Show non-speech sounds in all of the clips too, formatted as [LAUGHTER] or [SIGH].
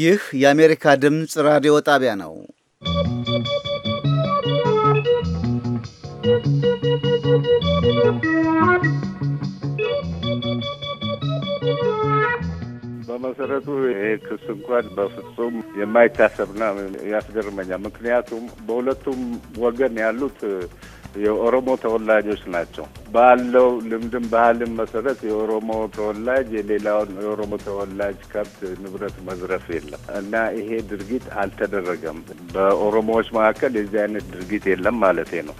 ይህ የአሜሪካ ድምፅ ራዲዮ ጣቢያ ነው። በመሰረቱ ይሄ ክስ እንኳን በፍጹም የማይታሰብና ያስገርመኛል። ምክንያቱም በሁለቱም ወገን ያሉት የኦሮሞ ተወላጆች ናቸው። ባለው ልምድም ባህልም መሰረት የኦሮሞ ተወላጅ የሌላውን የኦሮሞ ተወላጅ ከብት ንብረት መዝረፍ የለም እና ይሄ ድርጊት አልተደረገም። በኦሮሞዎች መካከል የዚህ አይነት ድርጊት የለም ማለቴ ነው።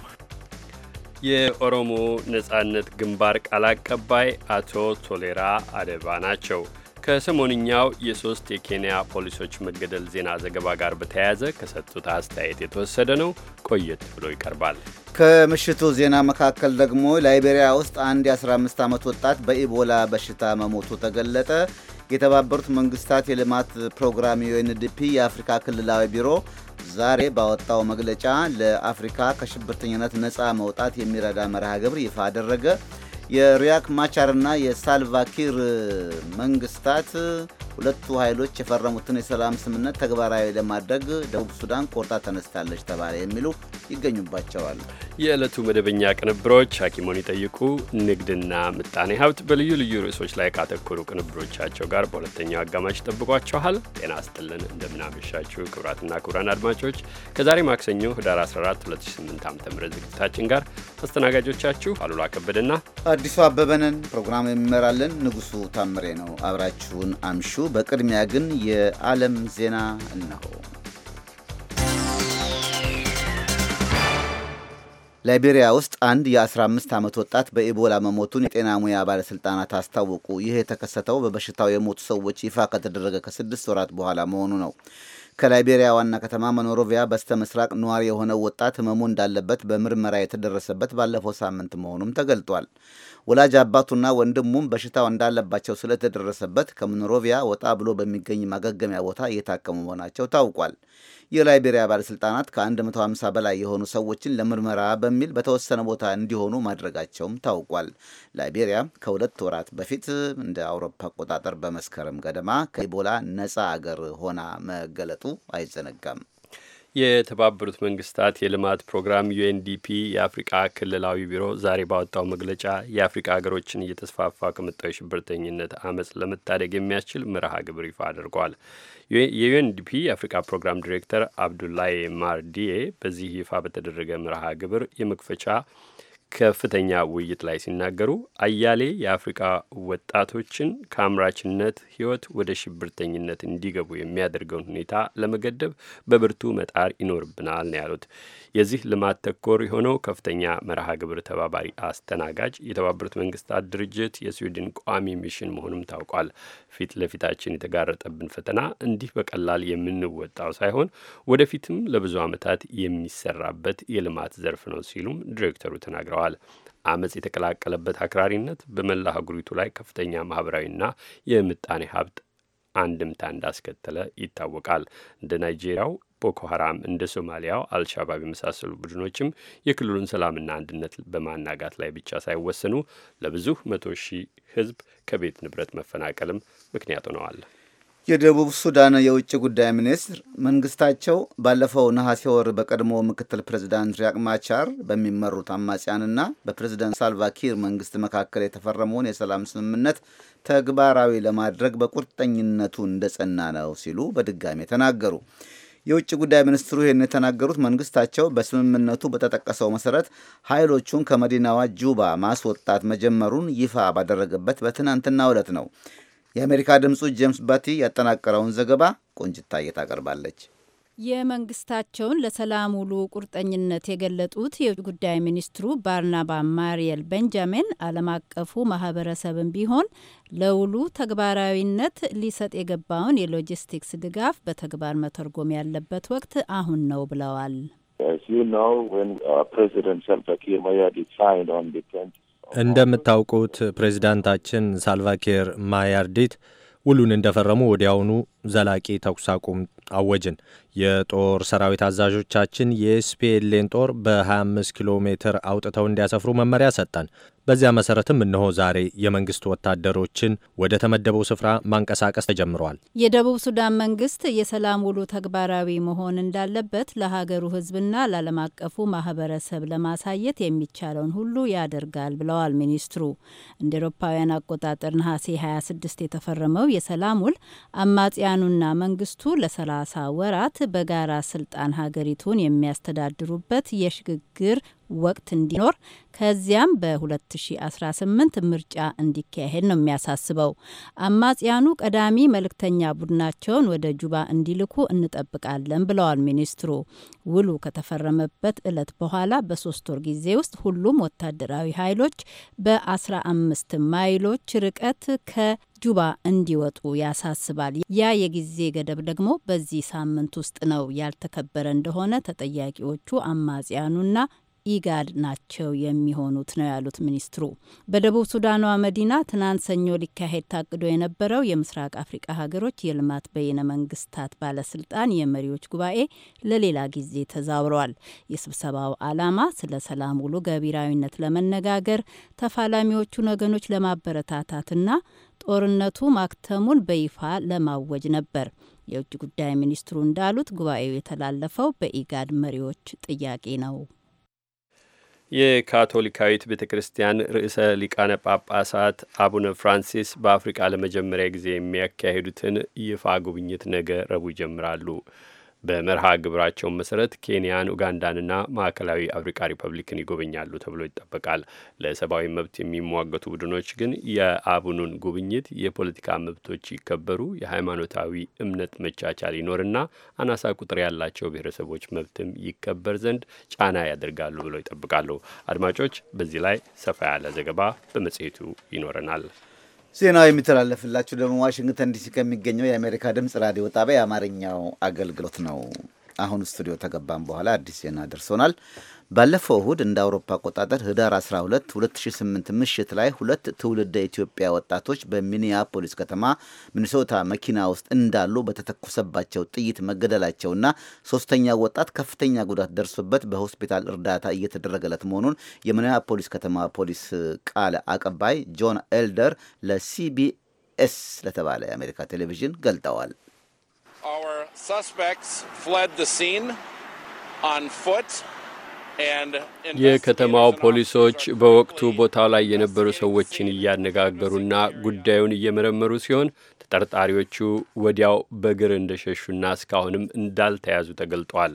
የኦሮሞ ነጻነት ግንባር ቃል አቀባይ አቶ ቶሌራ አደባ ናቸው። ከሰሞንኛው የሶስት የኬንያ ፖሊሶች መገደል ዜና ዘገባ ጋር በተያያዘ ከሰጡት አስተያየት የተወሰደ ነው። ቆየት ብሎ ይቀርባል። ከምሽቱ ዜና መካከል ደግሞ ላይቤሪያ ውስጥ አንድ የ15 ዓመት ወጣት በኢቦላ በሽታ መሞቱ ተገለጠ። የተባበሩት መንግስታት የልማት ፕሮግራም ዩኤንዲፒ የአፍሪካ ክልላዊ ቢሮ ዛሬ ባወጣው መግለጫ ለአፍሪካ ከሽብርተኝነት ነፃ መውጣት የሚረዳ መርሃ ግብር ይፋ አደረገ። የሪያክ ማቻርና የሳልቫኪር መንግስታት ሁለቱ ኃይሎች የፈረሙትን የሰላም ስምምነት ተግባራዊ ለማድረግ ደቡብ ሱዳን ቆርጣ ተነስታለች ተባለ የሚሉ ይገኙባቸዋል። የዕለቱ መደበኛ ቅንብሮች ሐኪሞን ይጠይቁ፣ ንግድና ምጣኔ ሀብት በልዩ ልዩ ርዕሶች ላይ ካተኮሩ ቅንብሮቻቸው ጋር በሁለተኛው አጋማሽ ይጠብቋቸዋል። ጤና አስጥልን እንደምናመሻችሁ ክቡራትና ክቡራን አድማጮች ከዛሬ ማክሰኞ ህዳር 14 2008 ዓ ም ዝግጅታችን ጋር አስተናጋጆቻችሁ አሉላ ከበደና አዲሱ አበበንን ፕሮግራም የሚመራልን ንጉሱ ታምሬ ነው። አብራችሁን አምሹ። በቅድሚያ ግን የዓለም ዜና እነሆ። ላይቤሪያ ውስጥ አንድ የ15 ዓመት ወጣት በኢቦላ መሞቱን የጤና ሙያ ባለሥልጣናት አስታወቁ። ይህ የተከሰተው በበሽታው የሞቱ ሰዎች ይፋ ከተደረገ ከስድስት ወራት በኋላ መሆኑ ነው። ከላይቤሪያ ዋና ከተማ መኖሮቪያ በስተ ምስራቅ ነዋሪ የሆነው ወጣት ህመሙ እንዳለበት በምርመራ የተደረሰበት ባለፈው ሳምንት መሆኑም ተገልጧል። ወላጅ አባቱና ወንድሙም በሽታው እንዳለባቸው ስለተደረሰበት ከመኖሮቪያ ወጣ ብሎ በሚገኝ ማገገሚያ ቦታ እየታከሙ መሆናቸው ታውቋል። የላይቤሪያ ባለሥልጣናት ከ150 በላይ የሆኑ ሰዎችን ለምርመራ በሚል በተወሰነ ቦታ እንዲሆኑ ማድረጋቸውም ታውቋል። ላይቤሪያ ከሁለት ወራት በፊት እንደ አውሮፓ አቆጣጠር በመስከረም ገደማ ከኢቦላ ነፃ አገር ሆና መገለጡ አይዘነጋም። የተባበሩት መንግስታት የልማት ፕሮግራም ዩኤንዲፒ የአፍሪቃ ክልላዊ ቢሮ ዛሬ ባወጣው መግለጫ የአፍሪቃ ሀገሮችን እየተስፋፋ ከመጣው የሽብርተኝነት አመፅ ለመታደግ የሚያስችል መርሃ ግብር ይፋ አድርጓል። የዩኤንዲፒ የአፍሪቃ ፕሮግራም ዲሬክተር አብዱላይ ማርዲዬ በዚህ ይፋ በተደረገ መርሃ ግብር የመክፈቻ ከፍተኛ ውይይት ላይ ሲናገሩ አያሌ የአፍሪካ ወጣቶችን ከአምራችነት ህይወት ወደ ሽብርተኝነት እንዲገቡ የሚያደርገውን ሁኔታ ለመገደብ በብርቱ መጣር ይኖርብናል ነው ያሉት። የዚህ ልማት ተኮር የሆነው ከፍተኛ መርሃ ግብር ተባባሪ አስተናጋጅ የተባበሩት መንግስታት ድርጅት የስዊድን ቋሚ ሚሽን መሆኑም ታውቋል። ፊት ለፊታችን የተጋረጠብን ፈተና እንዲህ በቀላል የምንወጣው ሳይሆን ወደፊትም ለብዙ ዓመታት የሚሰራበት የልማት ዘርፍ ነው ሲሉም ዲሬክተሩ ተናግረዋል። አመፅ የተቀላቀለበት አክራሪነት በመላ አህጉሪቱ ላይ ከፍተኛ ማህበራዊና የምጣኔ ሀብት አንድምታ እንዳስከተለ ይታወቃል። እንደ ናይጄሪያው ቦኮ ሀራም እንደ ሶማሊያው አልሻባብ የመሳሰሉ ቡድኖችም የክልሉን ሰላምና አንድነት በማናጋት ላይ ብቻ ሳይወሰኑ ለብዙ መቶ ሺህ ህዝብ ከቤት ንብረት መፈናቀልም ምክንያት ሆነዋል። የደቡብ ሱዳን የውጭ ጉዳይ ሚኒስትር መንግስታቸው ባለፈው ነሐሴ ወር በቀድሞ ምክትል ፕሬዚዳንት ሪያቅ ማቻር በሚመሩት አማጽያንና በፕሬዚዳንት ሳልቫኪር መንግስት መካከል የተፈረመውን የሰላም ስምምነት ተግባራዊ ለማድረግ በቁርጠኝነቱ እንደጸና ነው ሲሉ በድጋሜ ተናገሩ። የውጭ ጉዳይ ሚኒስትሩ ይህን የተናገሩት መንግስታቸው በስምምነቱ በተጠቀሰው መሰረት ኃይሎቹን ከመዲናዋ ጁባ ማስወጣት መጀመሩን ይፋ ባደረገበት በትናንትናው ዕለት ነው። የአሜሪካ ድምፁ ጄምስ ባቲ ያጠናቀረውን ዘገባ ቆንጅታ እየታቀርባለች። የመንግስታቸውን ለሰላም ውሉ ቁርጠኝነት የገለጡት የውጭ ጉዳይ ሚኒስትሩ ባርናባ ማሪየል ቤንጃሚን ዓለም አቀፉ ማህበረሰብም ቢሆን ለውሉ ተግባራዊነት ሊሰጥ የገባውን የሎጂስቲክስ ድጋፍ በተግባር መተርጎም ያለበት ወቅት አሁን ነው ብለዋል። እንደምታውቁት ፕሬዚዳንታችን ሳልቫኪር ማያርዲት ውሉን እንደፈረሙ ወዲያውኑ ዘላቂ ተኩስ አቁም አወጅን። የጦር ሰራዊት አዛዦቻችን የኤስፒኤልን ጦር በ25 ኪሎ ሜትር አውጥተው እንዲያሰፍሩ መመሪያ ሰጠን። በዚያ መሰረትም እነሆ ዛሬ የመንግስት ወታደሮችን ወደ ተመደበው ስፍራ ማንቀሳቀስ ተጀምሯል። የደቡብ ሱዳን መንግስት የሰላም ውሉ ተግባራዊ መሆን እንዳለበት ለሀገሩ ህዝብና ለዓለም አቀፉ ማህበረሰብ ለማሳየት የሚቻለውን ሁሉ ያደርጋል ብለዋል ሚኒስትሩ። እንደ ኤሮፓውያን አቆጣጠር ነሐሴ 26 የተፈረመው የሰላም ውል አማጽያኑና መንግስቱ ለ30 ወራት በጋራ ስልጣን ሀገሪቱን የሚያስተዳድሩበት የሽግግር ወቅት እንዲኖር ከዚያም በ2018 ምርጫ እንዲካሄድ ነው የሚያሳስበው። አማጽያኑ ቀዳሚ መልእክተኛ ቡድናቸውን ወደ ጁባ እንዲልኩ እንጠብቃለን ብለዋል ሚኒስትሩ። ውሉ ከተፈረመበት ዕለት በኋላ በሶስት ወር ጊዜ ውስጥ ሁሉም ወታደራዊ ኃይሎች በ15 ማይሎች ርቀት ከጁባ እንዲወጡ ያሳስባል። ያ የጊዜ ገደብ ደግሞ በዚህ ሳምንት ውስጥ ነው። ያልተከበረ እንደሆነ ተጠያቂዎቹ አማጽያኑና ኢጋድ ናቸው የሚሆኑት ነው ያሉት ሚኒስትሩ። በደቡብ ሱዳኗ መዲና ትናንት ሰኞ ሊካሄድ ታቅዶ የነበረው የምስራቅ አፍሪቃ ሀገሮች የልማት በይነ መንግስታት ባለስልጣን የመሪዎች ጉባኤ ለሌላ ጊዜ ተዛውሯል። የስብሰባው ዓላማ ስለ ሰላም ውሉ ገቢራዊነት ለመነጋገር ተፋላሚዎቹን ወገኖች ለማበረታታትና ጦርነቱ ማክተሙን በይፋ ለማወጅ ነበር። የውጭ ጉዳይ ሚኒስትሩ እንዳሉት ጉባኤው የተላለፈው በኢጋድ መሪዎች ጥያቄ ነው። የካቶሊካዊት ቤተ ክርስቲያን ርዕሰ ሊቃነ ጳጳሳት አቡነ ፍራንሲስ በአፍሪቃ ለመጀመሪያ ጊዜ የሚያካሂዱትን ይፋ ጉብኝት ነገ ረቡዕ ይጀምራሉ። በመርሃ ግብራቸው መሰረት ኬንያን፣ ኡጋንዳንና ማዕከላዊ አፍሪካ ሪፐብሊክን ይጎበኛሉ ተብሎ ይጠበቃል። ለሰብአዊ መብት የሚሟገቱ ቡድኖች ግን የአቡኑን ጉብኝት የፖለቲካ መብቶች ይከበሩ፣ የሃይማኖታዊ እምነት መቻቻል ይኖርና አናሳ ቁጥር ያላቸው ብሔረሰቦች መብትም ይከበር ዘንድ ጫና ያደርጋሉ ብለው ይጠብቃሉ። አድማጮች፣ በዚህ ላይ ሰፋ ያለ ዘገባ በመጽሔቱ ይኖረናል። ዜናው የሚተላለፍላችሁ ደግሞ ዋሽንግተን ዲሲ ከሚገኘው የአሜሪካ ድምፅ ራዲዮ ጣቢያ የአማርኛው አገልግሎት ነው። አሁን ስቱዲዮ ተገባም በኋላ አዲስ ዜና ደርሶናል። ባለፈው እሁድ እንደ አውሮፓ አቆጣጠር ህዳር 12 2008 ምሽት ላይ ሁለት ትውልደ ኢትዮጵያ ወጣቶች በሚኒያፖሊስ ከተማ ሚኒሶታ መኪና ውስጥ እንዳሉ በተተኮሰባቸው ጥይት መገደላቸውና ሶስተኛ ወጣት ከፍተኛ ጉዳት ደርሶበት በሆስፒታል እርዳታ እየተደረገለት መሆኑን የሚኒያፖሊስ ከተማ ፖሊስ ቃል አቀባይ ጆን ኤልደር ለሲቢኤስ ለተባለ የአሜሪካ ቴሌቪዥን ገልጠዋል። Our suspects fled the scene on foot. የከተማው ፖሊሶች በወቅቱ ቦታው ላይ የነበሩ ሰዎችን እያነጋገሩና ጉዳዩን እየመረመሩ ሲሆን ተጠርጣሪዎቹ ወዲያው በእግር እንደሸሹና እስካሁንም እንዳልተያዙ ተገልጧል።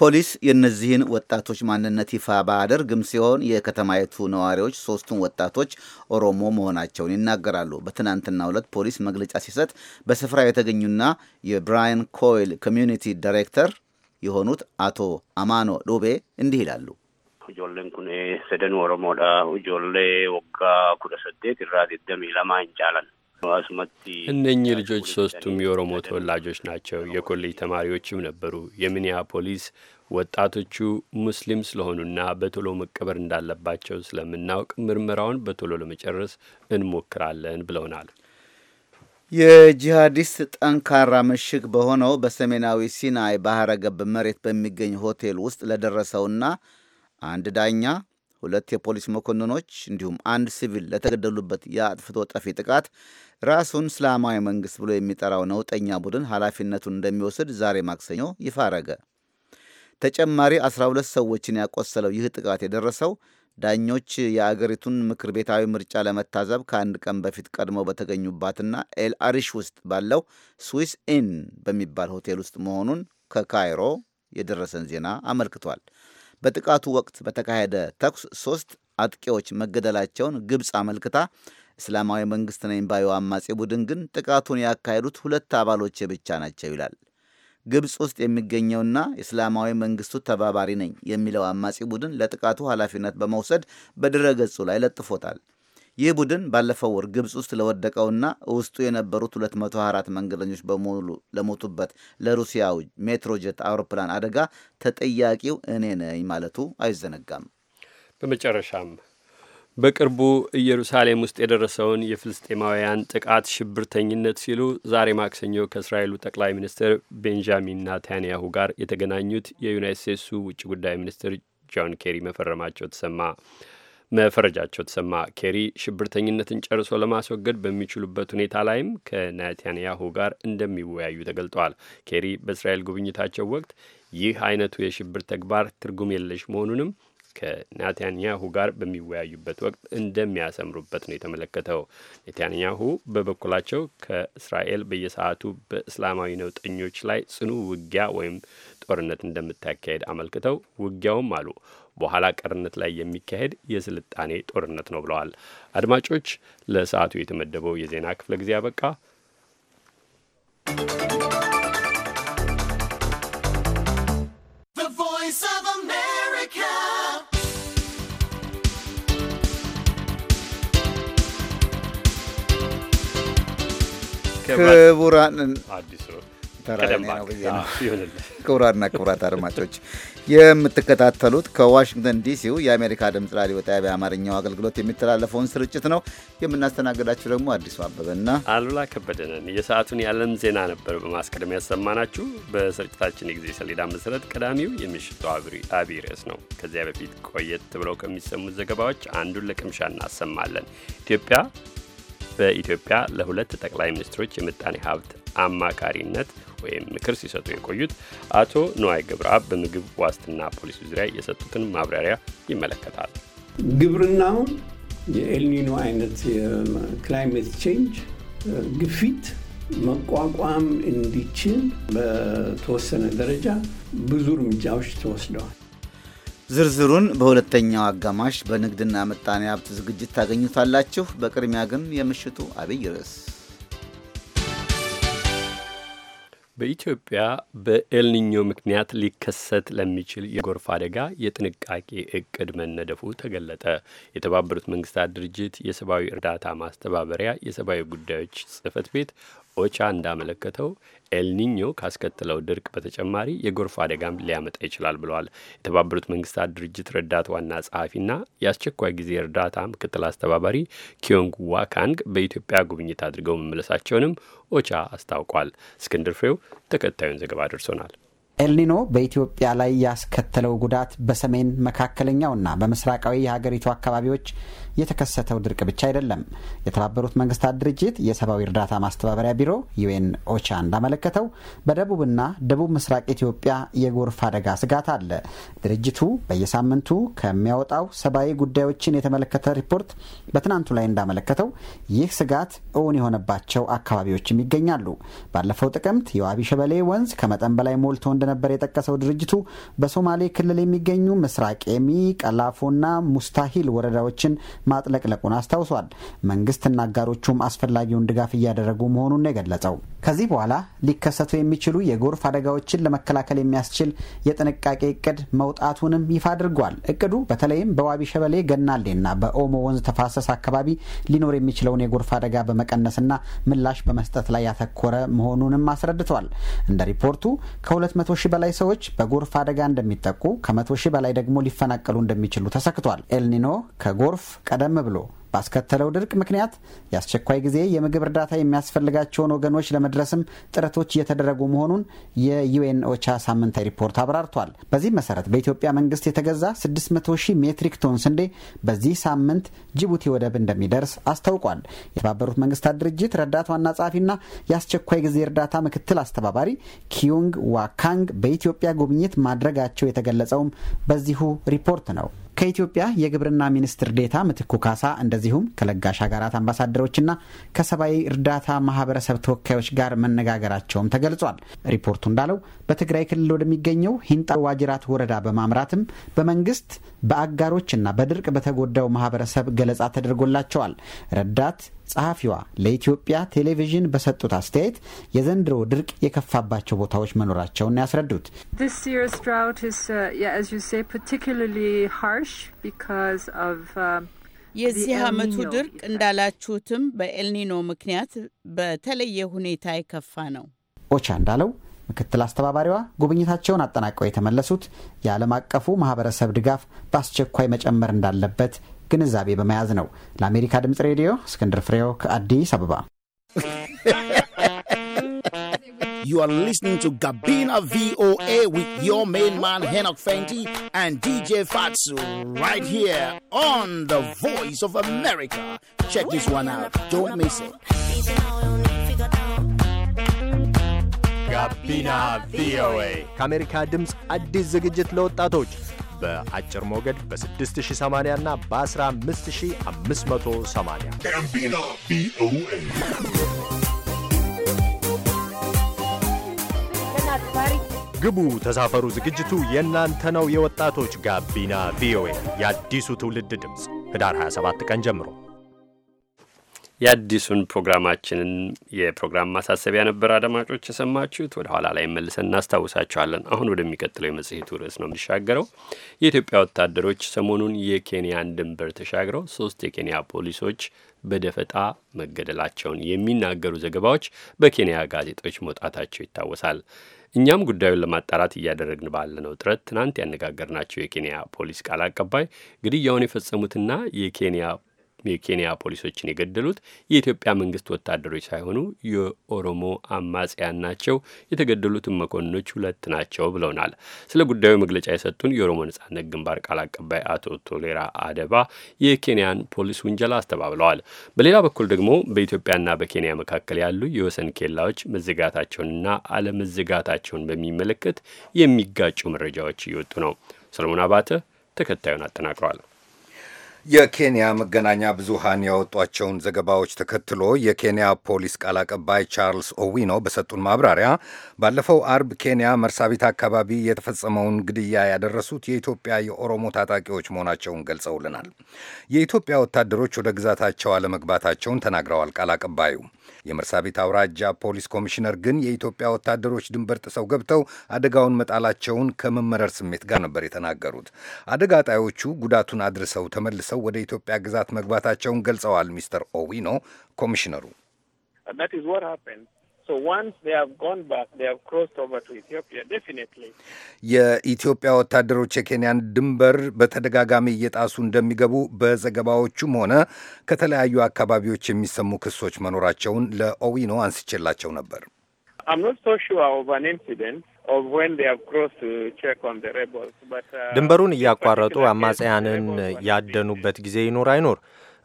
ፖሊስ የእነዚህን ወጣቶች ማንነት ይፋ ባያደርግም ሲሆን የከተማይቱ ነዋሪዎች ሶስቱን ወጣቶች ኦሮሞ መሆናቸውን ይናገራሉ። በትናንትናው ዕለት ፖሊስ መግለጫ ሲሰጥ በስፍራ የተገኙና የብራያን ኮይል ኮሚዩኒቲ ዳይሬክተር የሆኑት አቶ አማኖ ዶቤ እንዲህ ይላሉ። ጆሌን ኩን ሰደን ኦሮሞዳ ጆሌ ወጋ ኩደሰዴት ራ ደሚ ለማ እነኚህ ልጆች ሶስቱም የኦሮሞ ተወላጆች ናቸው። የኮሌጅ ተማሪዎችም ነበሩ። የሚኒያፖሊስ ወጣቶቹ ሙስሊም ስለሆኑና በቶሎ መቀበር እንዳለባቸው ስለምናውቅ ምርመራውን በቶሎ ለመጨረስ እንሞክራለን ብለውናል። የጂሃዲስት ጠንካራ ምሽግ በሆነው በሰሜናዊ ሲናይ ባህረ ገብ መሬት በሚገኝ ሆቴል ውስጥ ለደረሰውና አንድ ዳኛ፣ ሁለት የፖሊስ መኮንኖች እንዲሁም አንድ ሲቪል ለተገደሉበት የአጥፍቶ ጠፊ ጥቃት ራሱን እስላማዊ መንግስት ብሎ የሚጠራው ነውጠኛ ቡድን ኃላፊነቱን እንደሚወስድ ዛሬ ማክሰኞ ይፋ አረገ። ተጨማሪ 12 ሰዎችን ያቆሰለው ይህ ጥቃት የደረሰው ዳኞች የአገሪቱን ምክር ቤታዊ ምርጫ ለመታዘብ ከአንድ ቀን በፊት ቀድመው በተገኙባትና ኤል አሪሽ ውስጥ ባለው ስዊስ ኢን በሚባል ሆቴል ውስጥ መሆኑን ከካይሮ የደረሰን ዜና አመልክቷል። በጥቃቱ ወቅት በተካሄደ ተኩስ ሶስት አጥቂዎች መገደላቸውን ግብፅ አመልክታ እስላማዊ መንግስት ነኝ ባዩ ቡድን ግን ጥቃቱን ያካሄዱት ሁለት አባሎች ብቻ ናቸው ይላል። ግብፅ ውስጥ የሚገኘውና እስላማዊ መንግስቱ ተባባሪ ነኝ የሚለው አማጺ ቡድን ለጥቃቱ ኃላፊነት በመውሰድ በድረ ገጹ ላይ ለጥፎታል። ይህ ቡድን ባለፈው ወር ግብፅ ውስጥ ለወደቀውና ውስጡ የነበሩት 224 መንገደኞች በሙሉ ለሞቱበት ለሩሲያው ሜትሮጀት አውሮፕላን አደጋ ተጠያቂው እኔ ነኝ ማለቱ አይዘነጋም። በመጨረሻም በቅርቡ ኢየሩሳሌም ውስጥ የደረሰውን የፍልስጤማውያን ጥቃት ሽብርተኝነት ሲሉ ዛሬ ማክሰኞ ከእስራኤሉ ጠቅላይ ሚኒስትር ቤንጃሚን ናታንያሁ ጋር የተገናኙት የዩናይት ስቴትሱ ውጭ ጉዳይ ሚኒስትር ጆን ኬሪ መፈረማቸው ተሰማ መፈረጃቸው ተሰማ። ኬሪ ሽብርተኝነትን ጨርሶ ለማስወገድ በሚችሉበት ሁኔታ ላይም ከናታንያሁ ጋር እንደሚወያዩ ተገልጧል። ኬሪ በእስራኤል ጉብኝታቸው ወቅት ይህ አይነቱ የሽብር ተግባር ትርጉም የለሽ መሆኑንም ከናታንያሁ ጋር በሚወያዩበት ወቅት እንደሚያሰምሩበት ነው የተመለከተው። ኔታንያሁ በበኩላቸው ከእስራኤል በየሰዓቱ በእስላማዊ ነውጠኞች ላይ ጽኑ ውጊያ ወይም ጦርነት እንደምታካሄድ አመልክተው ውጊያውም አሉ በኋላ ቀርነት ላይ የሚካሄድ የስልጣኔ ጦርነት ነው ብለዋል። አድማጮች፣ ለሰዓቱ የተመደበው የዜና ክፍለ ጊዜ አበቃ። ክቡራን ክቡራንና ክቡራት አድማጮች የምትከታተሉት ከዋሽንግተን ዲሲው የአሜሪካ ድምፅ ራዲዮ ጣቢያ አማርኛው አገልግሎት የሚተላለፈውን ስርጭት ነው። የምናስተናግዳችሁ ደግሞ አዲሱ አበበና አሉላ ከበደንን። የሰዓቱን የዓለም ዜና ነበር በማስቀደም ያሰማናችሁ። በስርጭታችን የጊዜ ሰሌዳ መሰረት ቀዳሚው የምሽቱ አብይ ርዕስ ነው። ከዚያ በፊት ቆየት ብለው ከሚሰሙት ዘገባዎች አንዱን ለቅምሻ እናሰማለን። ኢትዮጵያ በኢትዮጵያ ለሁለት ጠቅላይ ሚኒስትሮች የምጣኔ ሀብት አማካሪነት ወይም ምክር ሲሰጡ የቆዩት አቶ ነዋይ ገብረአብ በምግብ ዋስትና ፖሊሲ ዙሪያ የሰጡትን ማብራሪያ ይመለከታል። ግብርናውን የኤልኒኖ አይነት የክላይሜት ቼንጅ ግፊት መቋቋም እንዲችል በተወሰነ ደረጃ ብዙ እርምጃዎች ተወስደዋል። ዝርዝሩን በሁለተኛው አጋማሽ በንግድና ምጣኔ ሀብት ዝግጅት ታገኙታላችሁ። በቅድሚያ ግን የምሽቱ አብይ ርዕስ በኢትዮጵያ በኤልኒኞ ምክንያት ሊከሰት ለሚችል የጎርፍ አደጋ የጥንቃቄ እቅድ መነደፉ ተገለጠ። የተባበሩት መንግስታት ድርጅት የሰብአዊ እርዳታ ማስተባበሪያ የሰብአዊ ጉዳዮች ጽህፈት ቤት ኦቻ እንዳመለከተው ኤልኒኞ ካስከተለው ድርቅ በተጨማሪ የጎርፍ አደጋም ሊያመጣ ይችላል ብለዋል። የተባበሩት መንግስታት ድርጅት ረዳት ዋና ጸሐፊና የአስቸኳይ ጊዜ እርዳታ ምክትል አስተባባሪ ኪዮንግ ዋካንግ በኢትዮጵያ ጉብኝት አድርገው መመለሳቸውንም ኦቻ አስታውቋል። እስክንድር ፍሬው ተከታዩን ዘገባ ደርሶናል። ኤልኒኖ በኢትዮጵያ ላይ ያስከተለው ጉዳት በሰሜን መካከለኛውና በምስራቃዊ የሀገሪቱ አካባቢዎች የተከሰተው ድርቅ ብቻ አይደለም። የተባበሩት መንግስታት ድርጅት የሰብአዊ እርዳታ ማስተባበሪያ ቢሮ ዩኤን ኦቻ እንዳመለከተው በደቡብና ደቡብ ምስራቅ ኢትዮጵያ የጎርፍ አደጋ ስጋት አለ። ድርጅቱ በየሳምንቱ ከሚያወጣው ሰብአዊ ጉዳዮችን የተመለከተ ሪፖርት በትናንቱ ላይ እንዳመለከተው ይህ ስጋት እውን የሆነባቸው አካባቢዎችም ይገኛሉ። ባለፈው ጥቅምት የዋቢ ሸበሌ ወንዝ ከመጠን በላይ ሞልቶ እንደነበር የጠቀሰው ድርጅቱ በሶማሌ ክልል የሚገኙ ምስራቅ ኤሚ፣ ቀላፎና ሙስታሂል ወረዳዎችን ማጥለቅለቁን አስታውሷል። መንግስትና አጋሮቹም አስፈላጊውን ድጋፍ እያደረጉ መሆኑን ነው የገለጸው። ከዚህ በኋላ ሊከሰቱ የሚችሉ የጎርፍ አደጋዎችን ለመከላከል የሚያስችል የጥንቃቄ እቅድ መውጣቱንም ይፋ አድርጓል። እቅዱ በተለይም በዋቢ ሸበሌ ገናሌና በኦሞ ወንዝ ተፋሰስ አካባቢ ሊኖር የሚችለውን የጎርፍ አደጋ በመቀነስና ምላሽ በመስጠት ላይ ያተኮረ መሆኑንም አስረድቷል። እንደ ሪፖርቱ ከ200 ሺህ በላይ ሰዎች በጎርፍ አደጋ እንደሚጠቁ፣ ከ100 ሺህ በላይ ደግሞ ሊፈናቀሉ እንደሚችሉ ተሰክቷል። ኤልኒኖ ከጎርፍ ቀደም ብሎ ባስከተለው ድርቅ ምክንያት የአስቸኳይ ጊዜ የምግብ እርዳታ የሚያስፈልጋቸውን ወገኖች ለመድረስም ጥረቶች እየተደረጉ መሆኑን የዩኤን ኦቻ ሳምንታዊ ሪፖርት አብራርቷል። በዚህ መሰረት በኢትዮጵያ መንግስት የተገዛ 600 ሺህ ሜትሪክ ቶን ስንዴ በዚህ ሳምንት ጅቡቲ ወደብ እንደሚደርስ አስታውቋል። የተባበሩት መንግስታት ድርጅት ረዳት ዋና ጸሐፊና የአስቸኳይ ጊዜ እርዳታ ምክትል አስተባባሪ ኪዩንግ ዋካንግ በኢትዮጵያ ጉብኝት ማድረጋቸው የተገለጸውም በዚሁ ሪፖርት ነው። ከኢትዮጵያ የግብርና ሚኒስትር ዴታ ምትኩ ካሳ እንደ እንደዚሁም ከለጋሽ ሀገራት አምባሳደሮችና ከሰብአዊ እርዳታ ማህበረሰብ ተወካዮች ጋር መነጋገራቸውም ተገልጿል። ሪፖርቱ እንዳለው በትግራይ ክልል ወደሚገኘው ሂንጣ ዋጅራት ወረዳ በማምራትም በመንግስት በአጋሮችና በድርቅ በተጎዳው ማህበረሰብ ገለጻ ተደርጎላቸዋል። ረዳት ጸሐፊዋ ለኢትዮጵያ ቴሌቪዥን በሰጡት አስተያየት የዘንድሮ ድርቅ የከፋባቸው ቦታዎች መኖራቸውን ያስረዱት የዚህ ዓመቱ ድርቅ እንዳላችሁትም በኤልኒኖ ምክንያት በተለየ ሁኔታ የከፋ ነው። ኦቻ እንዳለው ምክትል አስተባባሪዋ ጉብኝታቸውን አጠናቀው የተመለሱት የዓለም አቀፉ ማህበረሰብ ድጋፍ በአስቸኳይ መጨመር እንዳለበት ግንዛቤ በመያዝ ነው። ለአሜሪካ ድምፅ ሬዲዮ እስክንድር ፍሬው ከአዲስ አበባ You are listening to Gabina VOA with your main man Henok Fenty and DJ Fatsu right here on the Voice of America. Check this one out. Don't miss it. Gabina VOA. America Adams Addis Zigit Lotatoch. በአጭር ሞገድ በ6080 እና በ15580 ጋቢና ቪኦኤ ግቡ፣ ተሳፈሩ። ዝግጅቱ የእናንተ ነው። የወጣቶች ጋቢና ቪኦኤ የአዲሱ ትውልድ ድምፅ ህዳር 27 ቀን ጀምሮ የአዲሱን ፕሮግራማችንን የፕሮግራም ማሳሰቢያ ነበር አድማጮች የሰማችሁት። ወደ ኋላ ላይ መልሰን እናስታውሳችኋለን። አሁን ወደሚቀጥለው የመጽሔቱ ርዕስ ነው የሚሻገረው። የኢትዮጵያ ወታደሮች ሰሞኑን የኬንያን ድንበር ተሻግረው ሶስት የኬንያ ፖሊሶች በደፈጣ መገደላቸውን የሚናገሩ ዘገባዎች በኬንያ ጋዜጦች መውጣታቸው ይታወሳል። እኛም ጉዳዩን ለማጣራት እያደረግን ባለነው ጥረት ትናንት ያነጋገርናቸው የኬንያ ፖሊስ ቃል አቀባይ ግድያውን የፈጸሙትና የኬንያ የኬንያ ፖሊሶችን የገደሉት የኢትዮጵያ መንግስት ወታደሮች ሳይሆኑ የኦሮሞ አማጽያን ናቸው። የተገደሉትን መኮንኖች ሁለት ናቸው ብለውናል። ስለ ጉዳዩ መግለጫ የሰጡን የኦሮሞ ነጻነት ግንባር ቃል አቀባይ አቶ ቶሌራ አደባ የኬንያን ፖሊስ ውንጀላ አስተባብለዋል። በሌላ በኩል ደግሞ በኢትዮጵያና በኬንያ መካከል ያሉ የወሰን ኬላዎች መዘጋታቸውንና አለመዘጋታቸውን በሚመለከት የሚጋጩ መረጃዎች እየወጡ ነው። ሰለሞን አባተ ተከታዩን አጠናቅረዋል። የኬንያ መገናኛ ብዙሃን ያወጧቸውን ዘገባዎች ተከትሎ የኬንያ ፖሊስ ቃል አቀባይ ቻርልስ ኦዊኖ በሰጡን ማብራሪያ ባለፈው አርብ ኬንያ መርሳቢት አካባቢ የተፈጸመውን ግድያ ያደረሱት የኢትዮጵያ የኦሮሞ ታጣቂዎች መሆናቸውን ገልጸውልናል። የኢትዮጵያ ወታደሮች ወደ ግዛታቸው አለመግባታቸውን ተናግረዋል ቃል አቀባዩ የመርሳቤት አውራጃ ፖሊስ ኮሚሽነር ግን የኢትዮጵያ ወታደሮች ድንበር ጥሰው ገብተው አደጋውን መጣላቸውን ከመመረር ስሜት ጋር ነበር የተናገሩት። አደጋ ጣዮቹ ጉዳቱን አድርሰው ተመልሰው ወደ ኢትዮጵያ ግዛት መግባታቸውን ገልጸዋል። ሚስተር ኦዊኖ ኮሚሽነሩ የኢትዮጵያ ወታደሮች የኬንያን ድንበር በተደጋጋሚ እየጣሱ እንደሚገቡ በዘገባዎቹም ሆነ ከተለያዩ አካባቢዎች የሚሰሙ ክሶች መኖራቸውን ለኦዊኖ አንስቼላቸው ነበር። uh, ድንበሩን እያቋረጡ አማጽያንን ያደኑበት ጊዜ ይኖር አይኖር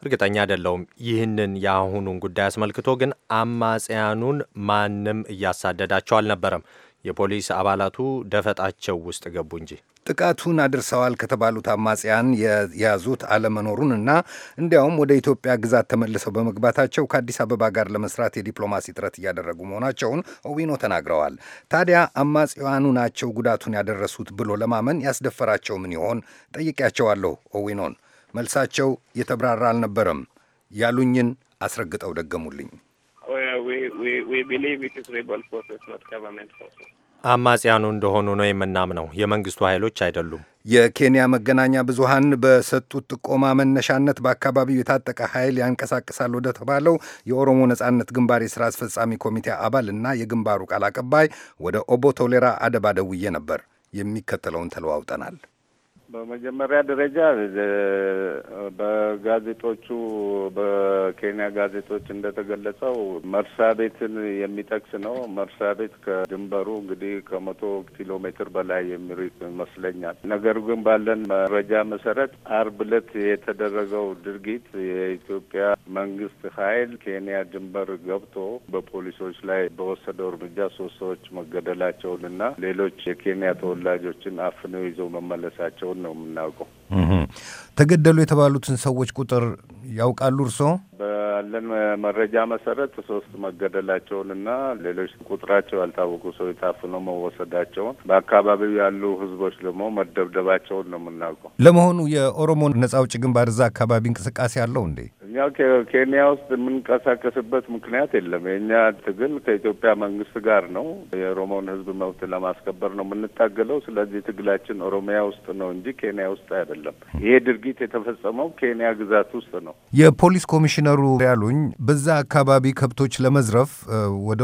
እርግጠኛ አይደለውም። ይህንን የአሁኑን ጉዳይ አስመልክቶ ግን አማጽያኑን ማንም እያሳደዳቸው አልነበረም። የፖሊስ አባላቱ ደፈጣቸው ውስጥ ገቡ እንጂ ጥቃቱን አድርሰዋል ከተባሉት አማጽያን የያዙት አለመኖሩን እና እንዲያውም ወደ ኢትዮጵያ ግዛት ተመልሰው በመግባታቸው ከአዲስ አበባ ጋር ለመስራት የዲፕሎማሲ ጥረት እያደረጉ መሆናቸውን ኦዊኖ ተናግረዋል። ታዲያ አማጽያኑ ናቸው ጉዳቱን ያደረሱት ብሎ ለማመን ያስደፈራቸው ምን ይሆን? ጠይቄያቸዋለሁ ኦዊኖን። መልሳቸው የተብራራ አልነበረም። ያሉኝን አስረግጠው ደገሙልኝ። oh, አማጽያኑ እንደሆኑ ነው የምናምነው፣ የመንግስቱ ኃይሎች አይደሉም። የኬንያ መገናኛ ብዙሃን በሰጡት ጥቆማ መነሻነት በአካባቢው የታጠቀ ኃይል ያንቀሳቅሳል ወደ ተባለው የኦሮሞ ነጻነት ግንባር የሥራ አስፈጻሚ ኮሚቴ አባል እና የግንባሩ ቃል አቀባይ ወደ ኦቦ ቶሌራ አደባ ደውዬ ነበር። የሚከተለውን ተለዋውጠናል። በመጀመሪያ ደረጃ በጋዜጦቹ በኬንያ ጋዜጦች እንደተገለጸው መርሳ ቤትን የሚጠቅስ ነው። መርሳ ቤት ከድንበሩ እንግዲህ ከመቶ ኪሎ ሜትር በላይ የሚርቅ ይመስለኛል። ነገር ግን ባለን መረጃ መሰረት አርብ ዕለት የተደረገው ድርጊት የኢትዮጵያ መንግስት ኃይል ኬንያ ድንበር ገብቶ በፖሊሶች ላይ በወሰደው እርምጃ ሶስት ሰዎች መገደላቸውንና ሌሎች የኬንያ ተወላጆችን አፍነው ይዘው መመለሳቸውን ነው የምናውቀው። ተገደሉ የተባሉትን ሰዎች ቁጥር ያውቃሉ እርስዎ? ባለን መረጃ መሰረት ሶስት መገደላቸውንና ሌሎች ቁጥራቸው ያልታወቁ ሰው ታፍኖ መወሰዳቸውን በአካባቢው ያሉ ህዝቦች ደግሞ መደብደባቸውን ነው የምናውቀው። ለመሆኑ የኦሮሞ ነጻ አውጪ ግንባር እዛ አካባቢ እንቅስቃሴ አለው እንዴ? እኛ ኬንያ ውስጥ የምንቀሳቀስበት ምክንያት የለም። የእኛ ትግል ከኢትዮጵያ መንግስት ጋር ነው። የኦሮሞን ህዝብ መብት ለማስከበር ነው የምንታገለው። ስለዚህ ትግላችን ኦሮሚያ ውስጥ ነው እንጂ ኬንያ ውስጥ አይደለም። ይሄ ድርጊት የተፈጸመው ኬንያ ግዛት ውስጥ ነው። የፖሊስ ኮሚሽነሩ ያሉኝ በዛ አካባቢ ከብቶች ለመዝረፍ ወደ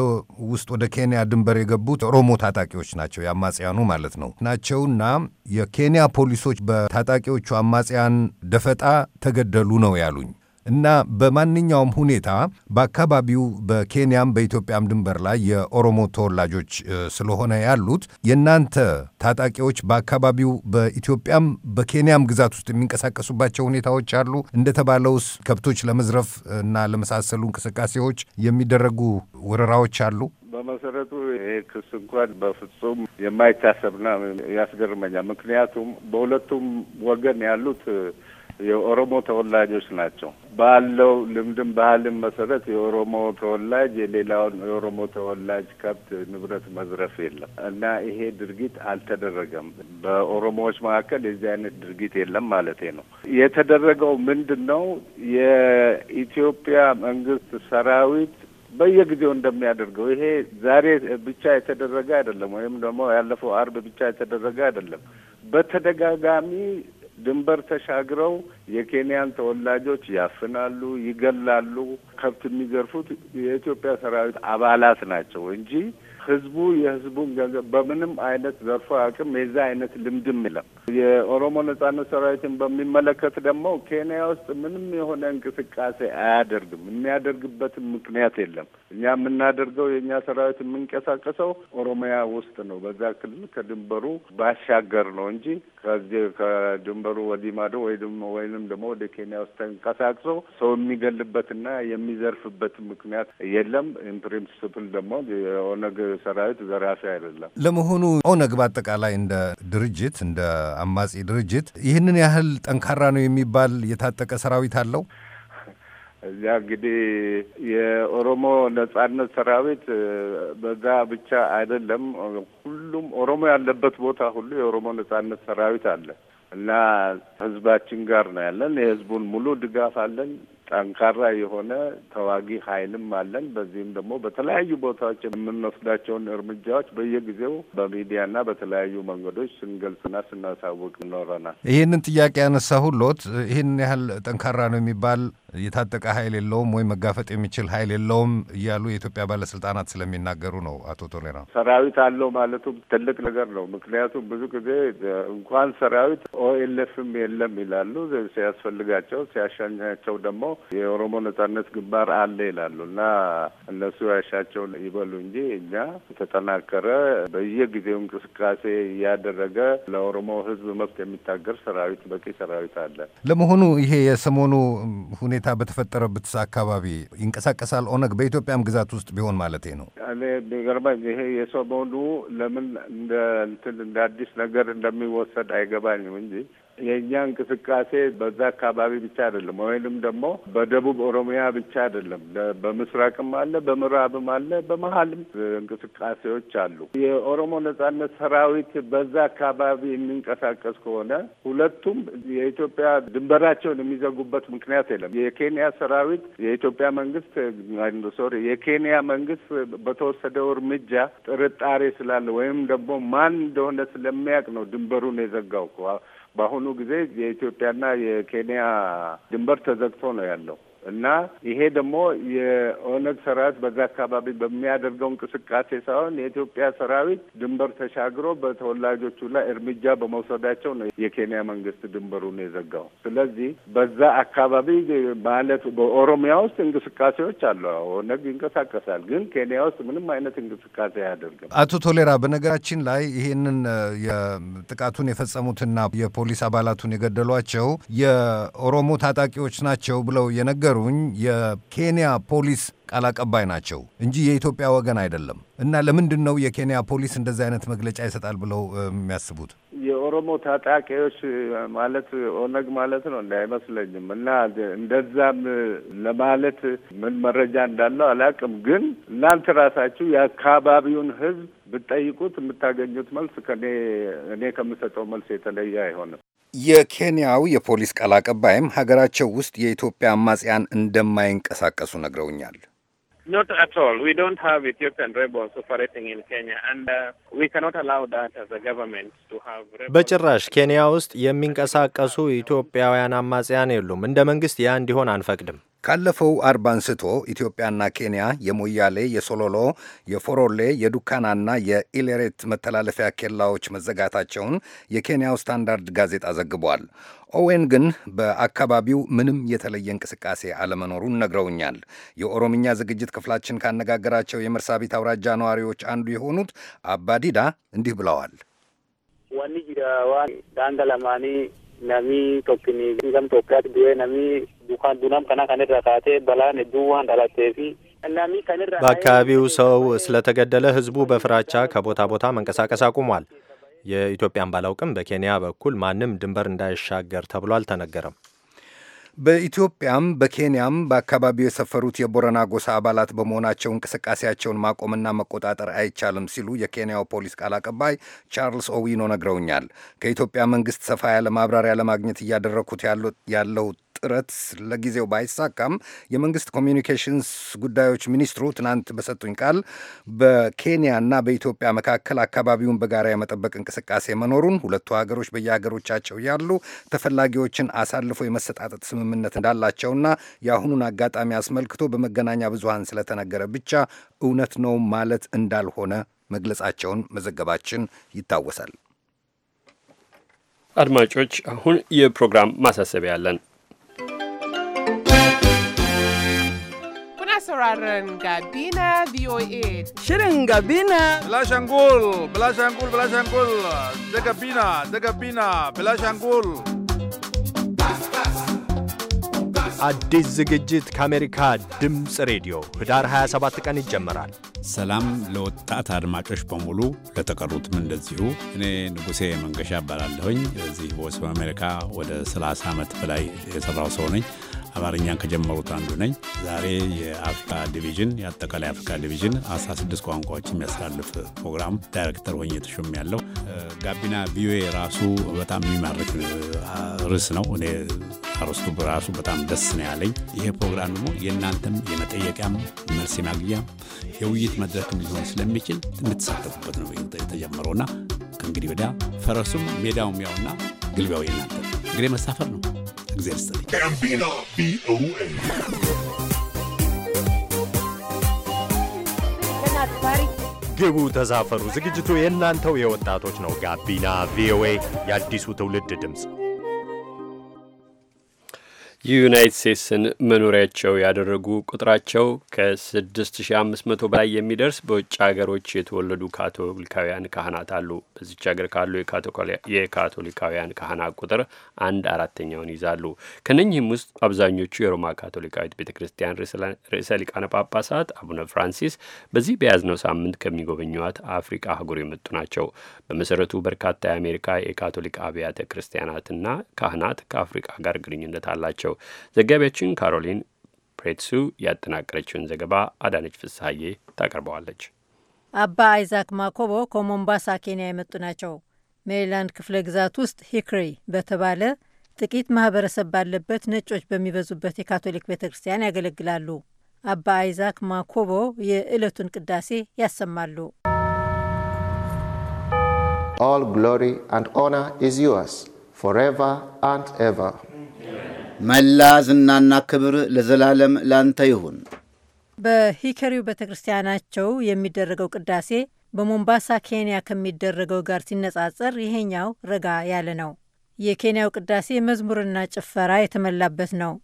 ውስጥ ወደ ኬንያ ድንበር የገቡት ኦሮሞ ታጣቂዎች ናቸው፣ የአማጽያኑ ማለት ነው ናቸውና የኬንያ ፖሊሶች በታጣቂዎቹ አማጽያን ደፈጣ ተገደሉ ነው ያሉኝ። እና በማንኛውም ሁኔታ በአካባቢው በኬንያም በኢትዮጵያም ድንበር ላይ የኦሮሞ ተወላጆች ስለሆነ ያሉት የእናንተ ታጣቂዎች በአካባቢው በኢትዮጵያም በኬንያም ግዛት ውስጥ የሚንቀሳቀሱባቸው ሁኔታዎች አሉ። እንደተባለውስ ከብቶች ለመዝረፍ እና ለመሳሰሉ እንቅስቃሴዎች የሚደረጉ ወረራዎች አሉ። በመሰረቱ ይሄ ክስ እንኳን በፍጹም የማይታሰብና ያስገርመኛል። ምክንያቱም በሁለቱም ወገን ያሉት የኦሮሞ ተወላጆች ናቸው። ባለው ልምድም ባህልም መሰረት የኦሮሞ ተወላጅ የሌላውን የኦሮሞ ተወላጅ ከብት ንብረት መዝረፍ የለም እና ይሄ ድርጊት አልተደረገም። በኦሮሞዎች መካከል የዚህ አይነት ድርጊት የለም ማለት ነው። የተደረገው ምንድን ነው? የኢትዮጵያ መንግስት ሰራዊት በየጊዜው እንደሚያደርገው ይሄ ዛሬ ብቻ የተደረገ አይደለም፣ ወይም ደግሞ ያለፈው አርብ ብቻ የተደረገ አይደለም። በተደጋጋሚ ድንበር ተሻግረው የኬንያን ተወላጆች ያፍናሉ፣ ይገላሉ። ከብት የሚዘርፉት የኢትዮጵያ ሰራዊት አባላት ናቸው እንጂ ህዝቡ የህዝቡን ገንዘብ በምንም አይነት ዘርፎ አቅም የዛ አይነት ልምድም የለም። የኦሮሞ ነጻነት ሰራዊትን በሚመለከት ደግሞ ኬንያ ውስጥ ምንም የሆነ እንቅስቃሴ አያደርግም። የሚያደርግበትም ምክንያት የለም። እኛ የምናደርገው የእኛ ሰራዊት የምንቀሳቀሰው ኦሮሚያ ውስጥ ነው፣ በዛ ክልል ከድንበሩ ባሻገር ነው እንጂ ከዚህ ከድንበሩ ወዲህ ማዶ ወይንም ደግሞ ወደ ኬንያ ውስጥ ተንቀሳቅሶ ሰው የሚገልበትና የሚዘርፍበት ምክንያት የለም። ኢንፕሪንስፕል ደግሞ የኦነግ ሰራዊት ዘራፊ አይደለም። ለመሆኑ ኦነግ በአጠቃላይ እንደ ድርጅት እንደ አማጺ ድርጅት ይህንን ያህል ጠንካራ ነው የሚባል የታጠቀ ሰራዊት አለው? እዚያ እንግዲህ የኦሮሞ ነጻነት ሰራዊት በዛ ብቻ አይደለም፣ ሁሉም ኦሮሞ ያለበት ቦታ ሁሉ የኦሮሞ ነጻነት ሰራዊት አለ እና ህዝባችን ጋር ነው ያለን። የህዝቡን ሙሉ ድጋፍ አለን። ጠንካራ የሆነ ተዋጊ ኃይልም አለን። በዚህም ደግሞ በተለያዩ ቦታዎች የምንወስዳቸውን እርምጃዎች በየጊዜው በሚዲያና በተለያዩ መንገዶች ስንገልጽና ስናሳውቅ ይኖረናል። ይህንን ጥያቄ ያነሳ ሁሎት ይህን ያህል ጠንካራ ነው የሚባል የታጠቀ ኃይል የለውም ወይም መጋፈጥ የሚችል ኃይል የለውም እያሉ የኢትዮጵያ ባለስልጣናት ስለሚናገሩ ነው። አቶ ቶሌራ ሰራዊት አለው ማለቱ ትልቅ ነገር ነው። ምክንያቱም ብዙ ጊዜ እንኳን ሰራዊት ኦኤልኤፍም የለም ይላሉ ሲያስፈልጋቸው፣ ሲያሻኛቸው ደግሞ የኦሮሞ ነጻነት ግንባር አለ ይላሉ እና እነሱ ያሻቸውን ይበሉ እንጂ እኛ የተጠናከረ በየጊዜው እንቅስቃሴ እያደረገ ለኦሮሞ ህዝብ መብት የሚታገር ሰራዊት በቂ ሰራዊት አለ። ለመሆኑ ይሄ የሰሞኑ ሁኔታ በተፈጠረበት አካባቢ ይንቀሳቀሳል ኦነግ በኢትዮጵያም ግዛት ውስጥ ቢሆን ማለት ነው። እኔ የሚገርመኝ ይሄ የሰሞኑ ለምን እንደ እንትን እንደ አዲስ ነገር እንደሚወሰድ አይገባኝም እንጂ የእኛ እንቅስቃሴ በዛ አካባቢ ብቻ አይደለም፣ ወይንም ደግሞ በደቡብ ኦሮሚያ ብቻ አይደለም። በምስራቅም አለ፣ በምዕራብም አለ፣ በመሀልም እንቅስቃሴዎች አሉ። የኦሮሞ ነጻነት ሰራዊት በዛ አካባቢ የሚንቀሳቀስ ከሆነ ሁለቱም የኢትዮጵያ ድንበራቸውን የሚዘጉበት ምክንያት የለም። የኬንያ ሰራዊት የኢትዮጵያ መንግስት ሶሪ የኬንያ መንግስት በተወሰደው እርምጃ ጥርጣሬ ስላለ ወይም ደግሞ ማን እንደሆነ ስለሚያውቅ ነው ድንበሩን የዘጋው። በአሁኑ ጊዜ የኢትዮጵያና የኬንያ ድንበር ተዘግቶ ነው ያለው። እና ይሄ ደግሞ የኦነግ ሰራዊት በዛ አካባቢ በሚያደርገው እንቅስቃሴ ሳይሆን የኢትዮጵያ ሰራዊት ድንበር ተሻግሮ በተወላጆቹ ላይ እርምጃ በመውሰዳቸው ነው የኬንያ መንግስት ድንበሩን የዘጋው። ስለዚህ በዛ አካባቢ ማለት በኦሮሚያ ውስጥ እንቅስቃሴዎች አሉ፣ ኦነግ ይንቀሳቀሳል። ግን ኬንያ ውስጥ ምንም አይነት እንቅስቃሴ አያደርግም። አቶ ቶሌራ፣ በነገራችን ላይ ይሄንን ጥቃቱን የፈጸሙትና የፖሊስ አባላቱን የገደሏቸው የኦሮሞ ታጣቂዎች ናቸው ብለው የነገ ሲነገሩኝ የኬንያ ፖሊስ ቃል አቀባይ ናቸው እንጂ የኢትዮጵያ ወገን አይደለም። እና ለምንድን ነው የኬንያ ፖሊስ እንደዚህ አይነት መግለጫ ይሰጣል ብለው የሚያስቡት? የኦሮሞ ታጣቂዎች ማለት ኦነግ ማለት ነው እንዳይመስለኝም። እና እንደዛም ለማለት ምን መረጃ እንዳለው አላውቅም። ግን እናንተ ራሳችሁ የአካባቢውን ሕዝብ ብትጠይቁት የምታገኙት መልስ ከኔ እኔ ከምሰጠው መልስ የተለየ አይሆንም። የኬንያው የፖሊስ ቃል አቀባይም ሀገራቸው ውስጥ የኢትዮጵያ አማጽያን እንደማይንቀሳቀሱ ነግረውኛል። በጭራሽ ኬንያ ውስጥ የሚንቀሳቀሱ ኢትዮጵያውያን አማጽያን የሉም። እንደ መንግስት ያ እንዲሆን አንፈቅድም። ካለፈው አርብ አንስቶ ኢትዮጵያና ኬንያ የሞያሌ፣ የሶሎሎ፣ የፎሮሌ፣ የዱካናና የኢሌሬት መተላለፊያ ኬላዎች መዘጋታቸውን የኬንያው ስታንዳርድ ጋዜጣ ዘግቧል። ኦዌን ግን በአካባቢው ምንም የተለየ እንቅስቃሴ አለመኖሩን ነግረውኛል። የኦሮምኛ ዝግጅት ክፍላችን ካነጋገራቸው የመርሳቢት አውራጃ ነዋሪዎች አንዱ የሆኑት አባዲዳ እንዲህ ብለዋል። ዋኒ ዳንገላማኒ namni tokkini gam Itoophiyaatti du'ee nami dukan dunam kana kanirra kaatee balaan hedduu waan dhalatee fi namni kanirra በአካባቢው ሰው ስለተገደለ ህዝቡ በፍራቻ ከቦታ ቦታ መንቀሳቀስ አቁሟል። የኢትዮጵያን ባላውቅም በኬንያ በኩል ማንም ድንበር እንዳይሻገር ተብሎ አልተነገረም። በኢትዮጵያም በኬንያም በአካባቢው የሰፈሩት የቦረና ጎሳ አባላት በመሆናቸው እንቅስቃሴያቸውን ማቆምና መቆጣጠር አይቻልም ሲሉ የኬንያው ፖሊስ ቃል አቀባይ ቻርልስ ኦዊኖ ነግረውኛል። ከኢትዮጵያ መንግስት ሰፋ ያለ ማብራሪያ ለማግኘት እያደረግኩት ያለሁት ጥረት ለጊዜው ባይሳካም የመንግስት ኮሚኒኬሽንስ ጉዳዮች ሚኒስትሩ ትናንት በሰጡኝ ቃል በኬንያ ና በኢትዮጵያ መካከል አካባቢውን በጋራ የመጠበቅ እንቅስቃሴ መኖሩን ሁለቱ ሀገሮች በየሀገሮቻቸው ያሉ ተፈላጊዎችን አሳልፎ የመሰጣጠጥ ስምምነት እንዳላቸውና የአሁኑን አጋጣሚ አስመልክቶ በመገናኛ ብዙሃን ስለተነገረ ብቻ እውነት ነው ማለት እንዳልሆነ መግለጻቸውን መዘገባችን ይታወሳል። አድማጮች አሁን የፕሮግራም ማሳሰቢያ አለን። sauraron Gabina VOA. Shirin Gabina. Bilashangul, Bilashangul, Bilashangul, da Gabina, da Gabina, Bilashangul. አዲስ ዝግጅት ከአሜሪካ ድምፅ ሬዲዮ ህዳር 27 ቀን ይጀመራል። ሰላም ለወጣት አድማጮች በሙሉ ለተቀሩትም እንደዚሁ። እኔ ንጉሴ መንገሻ እባላለሁኝ። እዚህ ቮይስ ኦፍ አሜሪካ ወደ 30 ዓመት በላይ የሠራው ሰው ነኝ። አማርኛን ከጀመሩት አንዱ ነኝ። ዛሬ የአፍሪካ ዲቪዥን የአጠቃላይ አፍሪካ ዲቪዥን 16 ቋንቋዎች የሚያስተላልፍ ፕሮግራም ዳይሬክተር ሆኜ ተሾም ያለው ጋቢና ቪኦኤ ራሱ በጣም የሚማርክ ርዕስ ነው። እኔ አርስቱ ራሱ በጣም ደስ ነው ያለኝ። ይሄ ፕሮግራም ደግሞ የእናንተም የመጠየቂያም መልስ ማግኛም የውይይት መድረክም ሊሆን ስለሚችል የምትሳተፉበት ነው የተጀመረውና ከእንግዲህ ወዲያ ፈረሱም ሜዳውም ያውና ግልቢያው የእናንተ እንግዲህ መሳፈር ነው። እግዚአብሔር ይስጥልኝ። ቪኦኤ ግቡ፣ ተሳፈሩ። ዝግጅቱ የእናንተው የወጣቶች ነው። ጋቢና ቪኦኤ የአዲሱ ትውልድ ድምፅ የዩናይት ስቴትስን መኖሪያቸው ያደረጉ ቁጥራቸው ከ6500 በላይ የሚደርስ በውጭ ሀገሮች የተወለዱ ካቶሊካውያን ካህናት አሉ። በዚች ሀገር ካሉ የካቶሊካውያን ካህናት ቁጥር አንድ አራተኛውን ይዛሉ። ከነኚህም ውስጥ አብዛኞቹ የሮማ ካቶሊካዊት ቤተ ክርስቲያን ርዕሰ ሊቃነ ጳጳሳት አቡነ ፍራንሲስ በዚህ በያዝነው ሳምንት ከሚጎበኟት አፍሪቃ አህጉር የመጡ ናቸው። በመሰረቱ በርካታ የአሜሪካ የካቶሊክ አብያተ ክርስቲያናትና ካህናት ከአፍሪቃ ጋር ግንኙነት አላቸው። ዘጋቢያችን ካሮሊን ፕሬትሱ ያጠናቀረችውን ዘገባ አዳነች ፍስሐዬ ታቀርበዋለች። አባ አይዛክ ማኮቦ ከሞምባሳ ኬንያ የመጡ ናቸው። ሜሪላንድ ክፍለ ግዛት ውስጥ ሂክሪ በተባለ ጥቂት ማህበረሰብ ባለበት ነጮች በሚበዙበት የካቶሊክ ቤተ ክርስቲያን ያገለግላሉ። አባ አይዛክ ማኮቦ የዕለቱን ቅዳሴ ያሰማሉ። ኦል ግሎሪ አንድ ኦና ኢዝ ዩርስ ፎር ኤቨር አንድ ኤቨር መላ ዝናና ክብር ለዘላለም ላንተ ይሁን። በሂከሪው ቤተ ክርስቲያናቸው የሚደረገው ቅዳሴ በሞምባሳ ኬንያ ከሚደረገው ጋር ሲነጻጸር ይሄኛው ረጋ ያለ ነው። የኬንያው ቅዳሴ መዝሙርና ጭፈራ የተመላበት ነው።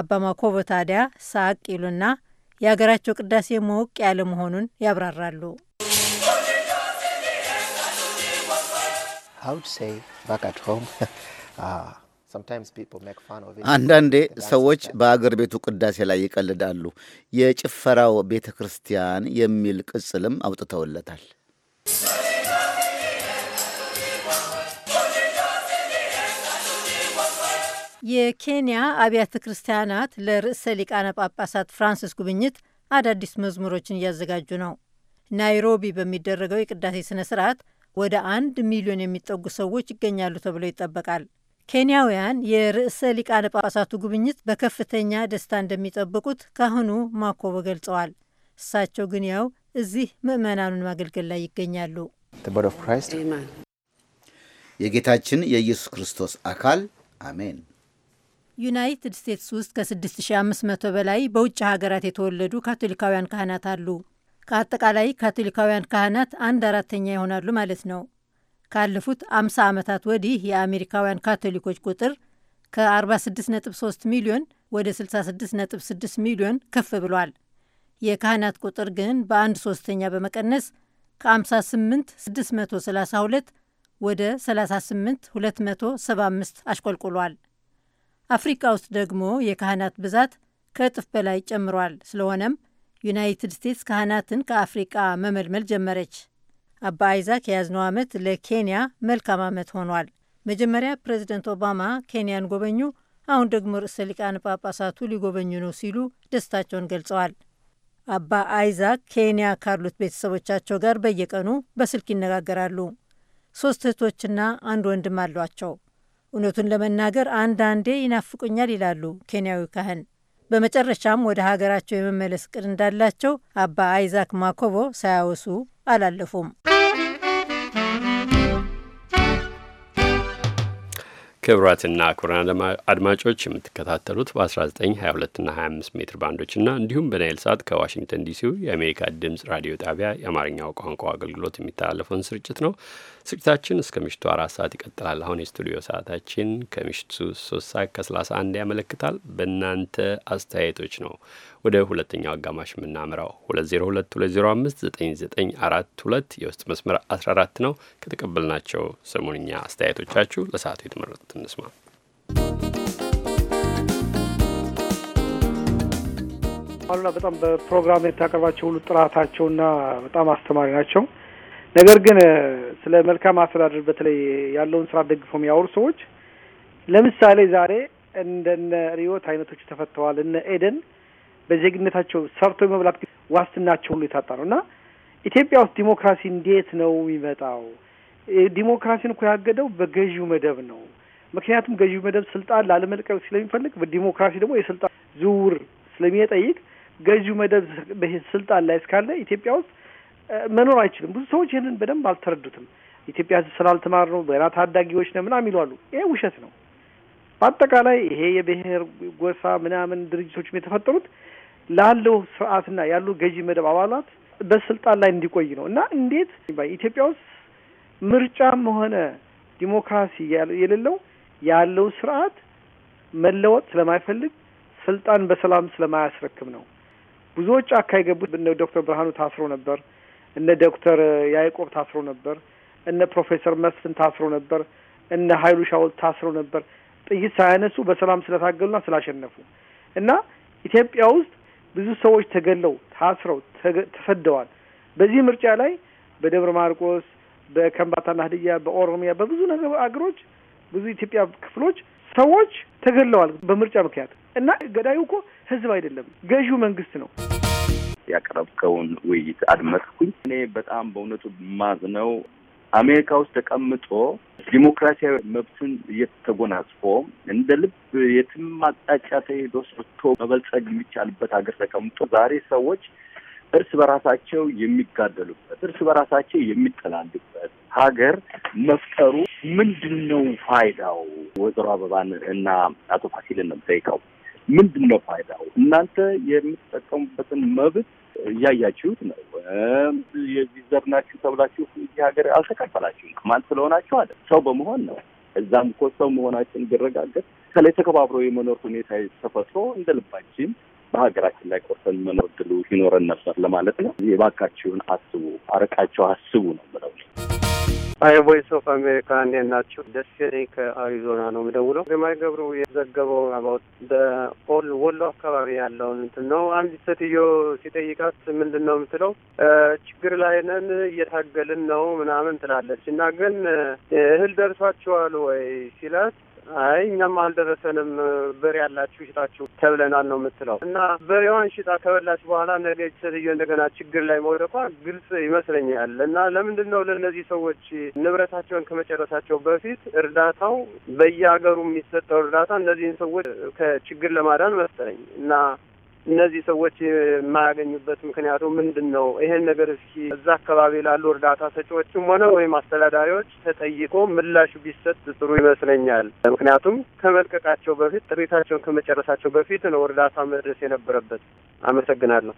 አባ ማኮቦ ታዲያ ሳቅ ይሉና የአገራቸው ቅዳሴ ሞቅ ያለ መሆኑን ያብራራሉ። [LAUGHS] አንዳንዴ ሰዎች በአገር ቤቱ ቅዳሴ ላይ ይቀልዳሉ። የጭፈራው ቤተ ክርስቲያን የሚል ቅጽልም አውጥተውለታል። የኬንያ አብያተ ክርስቲያናት ለርዕሰ ሊቃነ ጳጳሳት ፍራንሲስ ጉብኝት አዳዲስ መዝሙሮችን እያዘጋጁ ነው። ናይሮቢ በሚደረገው የቅዳሴ ስነ ስርዓት ወደ አንድ ሚሊዮን የሚጠጉ ሰዎች ይገኛሉ ተብሎ ይጠበቃል። ኬንያውያን የርዕሰ ሊቃነ ጳጳሳቱ ጉብኝት በከፍተኛ ደስታ እንደሚጠብቁት ካህኑ ማኮቦ ገልጸዋል። እሳቸው ግን ያው እዚህ ምዕመናኑን ማገልገል ላይ ይገኛሉ። የጌታችን የኢየሱስ ክርስቶስ አካል አሜን። ዩናይትድ ስቴትስ ውስጥ ከ6500 በላይ በውጭ ሀገራት የተወለዱ ካቶሊካውያን ካህናት አሉ። ከአጠቃላይ ካቶሊካውያን ካህናት አንድ አራተኛ ይሆናሉ ማለት ነው። ካለፉት 50 ዓመታት ወዲህ የአሜሪካውያን ካቶሊኮች ቁጥር ከ46.3 ሚሊዮን ወደ 66.6 ሚሊዮን ከፍ ብሏል። የካህናት ቁጥር ግን በአንድ ሶስተኛ በመቀነስ ከ58632 ወደ 38275 አሽቆልቁሏል። አፍሪካ ውስጥ ደግሞ የካህናት ብዛት ከእጥፍ በላይ ጨምሯል። ስለሆነም ዩናይትድ ስቴትስ ካህናትን ከአፍሪቃ መመልመል ጀመረች። አባ አይዛክ የያዝነው ዓመት ለኬንያ መልካም ዓመት ሆኗል። መጀመሪያ ፕሬዚደንት ኦባማ ኬንያን ጎበኙ፣ አሁን ደግሞ ርዕሰ ሊቃነ ጳጳሳቱ ሊጎበኙ ነው ሲሉ ደስታቸውን ገልጸዋል። አባ አይዛክ ኬንያ ካሉት ቤተሰቦቻቸው ጋር በየቀኑ በስልክ ይነጋገራሉ። ሶስት እህቶችና አንድ ወንድም አሏቸው። እውነቱን ለመናገር አንዳንዴ ይናፍቁኛል ይላሉ ኬንያዊ ካህን። በመጨረሻም ወደ ሀገራቸው የመመለስ እቅድ እንዳላቸው አባ አይዛክ ማኮቦ ሳያወሱ አላለፉም። ክቡራትና ክቡራን አድማጮች የምትከታተሉት በ1922ና 25 ሜትር ባንዶችና እንዲሁም በናይል ሳት ከዋሽንግተን ዲሲው የአሜሪካ ድምፅ ራዲዮ ጣቢያ የአማርኛው ቋንቋ አገልግሎት የሚተላለፈውን ስርጭት ነው። ስርጭታችን እስከ ምሽቱ አራት ሰዓት ይቀጥላል። አሁን የስቱዲዮ ሰዓታችን ከምሽቱ ሶስት ሰዓት ከ31 ያመለክታል። በእናንተ አስተያየቶች ነው ወደ ሁለተኛው አጋማሽ የምናምራው 2022059942 የውስጥ መስመር 14 ነው። ከተቀበልናቸው ሰሞንኛ አስተያየቶቻችሁ ለሰዓቱ የተመረጡት እንስማ። አሉላ በጣም በፕሮግራም የታቀርባቸው ሁሉ ጥራታቸውና በጣም አስተማሪ ናቸው። ነገር ግን ስለ መልካም አስተዳደር በተለይ ያለውን ስራ ደግፈው የሚያወሩ ሰዎች ለምሳሌ ዛሬ እንደነ ሪዮት አይነቶች ተፈተዋል። እነ ኤደን በዜግነታቸው ሰርቶ የመብላት ዋስትናቸው ሁሉ የታጣ ነው እና ኢትዮጵያ ውስጥ ዲሞክራሲ እንዴት ነው የሚመጣው? ዲሞክራሲን እኮ ያገደው በገዢው መደብ ነው። ምክንያቱም ገዢው መደብ ስልጣን ላለመልቀቅ ስለሚፈልግ፣ በዲሞክራሲ ደግሞ የስልጣን ዝውውር ስለሚጠይቅ ገዢው መደብ ስልጣን ላይ እስካለ ኢትዮጵያ ውስጥ መኖር አይችልም። ብዙ ሰዎች ይህንን በደንብ አልተረዱትም። ኢትዮጵያ ሕዝብ ስላልተማር ነው ገና ታዳጊዎች ነው ምናምን ይሏሉ። ይሄ ውሸት ነው። በአጠቃላይ ይሄ የብሔር ጎሳ ምናምን ድርጅቶችም የተፈጠሩት ላለው ስርዓትና ያሉ ገዢ መደብ አባላት በስልጣን ላይ እንዲቆይ ነው እና እንዴት ኢትዮጵያ ውስጥ ምርጫም ሆነ ዲሞክራሲ የሌለው ያለው ስርዓት መለወጥ ስለማይፈልግ ስልጣን በሰላም ስለማያስረክም ነው። ብዙዎች ጫካ የገቡት እነ ዶክተር ብርሃኑ ታስሮ ነበር፣ እነ ዶክተር ያዕቆብ ታስሮ ነበር፣ እነ ፕሮፌሰር መስፍን ታስሮ ነበር፣ እነ ሀይሉ ሻውል ታስሮ ነበር። ጥይት ሳያነሱ በሰላም ስለታገሉና ስላሸነፉ እና ኢትዮጵያ ውስጥ ብዙ ሰዎች ተገለው ታስረው ተሰደዋል። በዚህ ምርጫ ላይ በደብረ ማርቆስ፣ በከምባታና ሀዲያ፣ በኦሮሚያ በብዙ ነገር አገሮች ብዙ ኢትዮጵያ ክፍሎች ሰዎች ተገለዋል በምርጫ ምክንያት እና ገዳዩ እኮ ህዝብ አይደለም፣ ገዢው መንግስት ነው። ያቀረብከውን ውይይት አድመጥኩኝ። እኔ በጣም በእውነቱ ማዝነው አሜሪካ ውስጥ ተቀምጦ ዲሞክራሲያዊ መብትን እየተጎናጽፎ እንደ ልብ የትም አቅጣጫ ተሄዶ ሰርቶ መበልጸግ የሚቻልበት ሀገር ተቀምጦ ዛሬ ሰዎች እርስ በራሳቸው የሚጋደሉበት እርስ በራሳቸው የሚጠላሉበት ሀገር መፍጠሩ ምንድን ነው ፋይዳው? ወይዘሮ አበባን እና አቶ ፋሲልን ነው የምጠይቀው። ምንድን ነው ፋይዳው? እናንተ የምትጠቀሙበትን መብት እያያችሁት ነው። የዚህ ዘር ናችሁ ተብላችሁ እዚህ ሀገር አልተካፈላችሁም። ቅማንት ስለሆናችሁ አለ ሰው በመሆን ነው። እዛም እኮ ሰው መሆናችን ቢረጋገጥ ከላይ ተከባብሮ የመኖር ሁኔታ ተፈጥሮ እንደ ልባችን በሀገራችን ላይ ቆርሰን መኖር ድሉ ይኖረን ነበር ለማለት ነው። የባካችሁን አስቡ፣ አርቃችሁ አስቡ ነው የምለው። አይ ቮይስ ኦፍ አሜሪካ እንዴት ናችሁ? ደስ ነኝ። ከአሪዞና ነው የምደውለው። ግርማይ ገብሩ የዘገበው አባውት በኦል ወሎ አካባቢ ያለውን እንትን ነው። አንድ ሴትዮ ሲጠይቃት ምንድን ነው የምትለው ችግር ላይ ነን እየታገልን ነው ምናምን ትላለች እና ግን እህል ደርሷችኋል ወይ ሲላት አይ እኛም አልደረሰንም በሬ ያላችሁ ሽጣችሁ ተብለናል ነው የምትለው እና በሬዋን ሽጣ ከበላች በኋላ ነገ ሴትዮ እንደገና ችግር ላይ መውደቋ ግልጽ ይመስለኛል። እና ለምንድን ነው ለእነዚህ ሰዎች ንብረታቸውን ከመጨረሳቸው በፊት እርዳታው በየሀገሩ የሚሰጠው እርዳታ እነዚህን ሰዎች ከችግር ለማዳን መሰለኝ እና እነዚህ ሰዎች የማያገኙበት ምክንያቱ ምንድን ነው? ይሄን ነገር እስኪ እዛ አካባቢ ላሉ እርዳታ ሰጪዎችም ሆነ ወይም አስተዳዳሪዎች ተጠይቆ ምላሹ ቢሰጥ ጥሩ ይመስለኛል። ምክንያቱም ከመልቀቃቸው በፊት ጥሪታቸውን ከመጨረሳቸው በፊት ነው እርዳታ መድረስ የነበረበት። አመሰግናለሁ።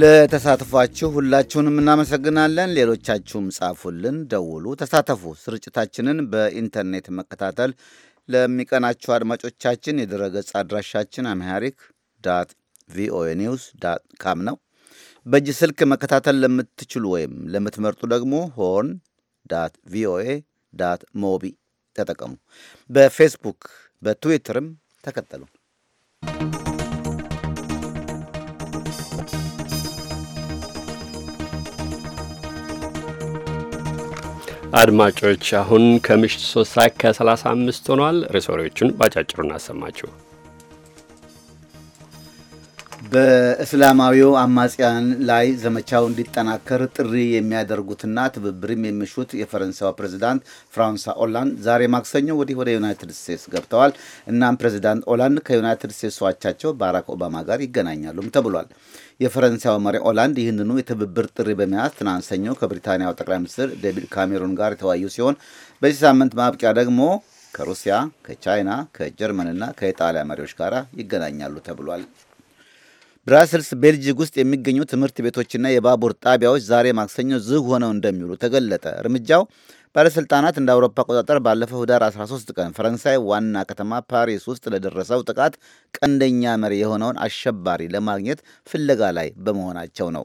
ለተሳትፏችሁ ሁላችሁንም እናመሰግናለን። ሌሎቻችሁም ጻፉልን፣ ደውሉ፣ ተሳተፉ። ስርጭታችንን በኢንተርኔት መከታተል ለሚቀናችሁ አድማጮቻችን የድረገጽ አድራሻችን አምሃሪክ ዳት ቪኦኤ ኒውስ ዳት ካም ነው። በእጅ ስልክ መከታተል ለምትችሉ ወይም ለምትመርጡ ደግሞ ሆን ዳት ቪኦኤ ዳት ሞቢ ተጠቀሙ። በፌስቡክ በትዊተርም ተከተሉ። አድማጮች አሁን ከምሽት 3 ሰዓት ከ35 ሆኗል። ርዕሰ ወሬዎቹን ባጫጭሩ እናሰማችሁ። በእስላማዊው አማጽያን ላይ ዘመቻው እንዲጠናከር ጥሪ የሚያደርጉትና ትብብርም የሚሹት የፈረንሳዊ ፕሬዚዳንት ፍራንሷ ኦላንድ ዛሬ ማክሰኞ ወዲህ ወደ ዩናይትድ ስቴትስ ገብተዋል። እናም ፕሬዚዳንት ኦላንድ ከዩናይትድ ስቴትስ ዋቻቸው ባራክ ኦባማ ጋር ይገናኛሉም ተብሏል። የፈረንሳዊ መሪ ኦላንድ ይህንኑ የትብብር ጥሪ በመያዝ ትናንት ሰኞ ከብሪታንያው ጠቅላይ ሚኒስትር ዴቪድ ካሜሩን ጋር የተወያዩ ሲሆን በዚህ ሳምንት ማብቂያ ደግሞ ከሩሲያ፣ ከቻይና፣ ከጀርመንና ከኢጣሊያ መሪዎች ጋር ይገናኛሉ ተብሏል። ብራስልስ ቤልጅግ ውስጥ የሚገኙ ትምህርት ቤቶችና የባቡር ጣቢያዎች ዛሬ ማክሰኞ ዝግ ሆነው እንደሚውሉ ተገለጠ። እርምጃው ባለሥልጣናት እንደ አውሮፓ አቆጣጠር ባለፈው ህዳር 13 ቀን ፈረንሳይ ዋና ከተማ ፓሪስ ውስጥ ለደረሰው ጥቃት ቀንደኛ መሪ የሆነውን አሸባሪ ለማግኘት ፍለጋ ላይ በመሆናቸው ነው።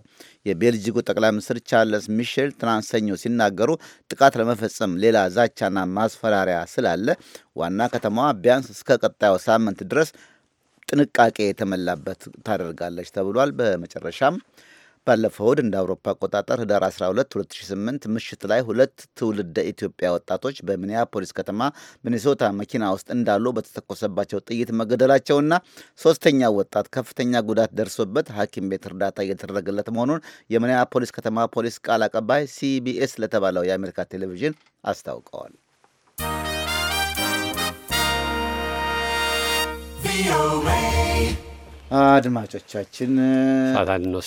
የቤልጅጉ ጠቅላይ ሚኒስትር ቻርለስ ሚሼል ትናንት ሰኞ ሲናገሩ ጥቃት ለመፈጸም ሌላ ዛቻና ማስፈራሪያ ስላለ ዋና ከተማዋ ቢያንስ እስከ ቀጣዩ ሳምንት ድረስ ጥንቃቄ የተመላበት ታደርጋለች ተብሏል። በመጨረሻም ባለፈው እሁድ እንደ አውሮፓ አቆጣጠር ህዳር 12 2008 ምሽት ላይ ሁለት ትውልደ ኢትዮጵያ ወጣቶች በሚኒያፖሊስ ከተማ ሚኒሶታ መኪና ውስጥ እንዳሉ በተተኮሰባቸው ጥይት መገደላቸውና ሶስተኛ ወጣት ከፍተኛ ጉዳት ደርሶበት ሐኪም ቤት እርዳታ እየተደረገለት መሆኑን የሚኒያፖሊስ ከተማ ፖሊስ ቃል አቀባይ ሲቢኤስ ለተባለው የአሜሪካ ቴሌቪዥን አስታውቀዋል። አድማጮቻችን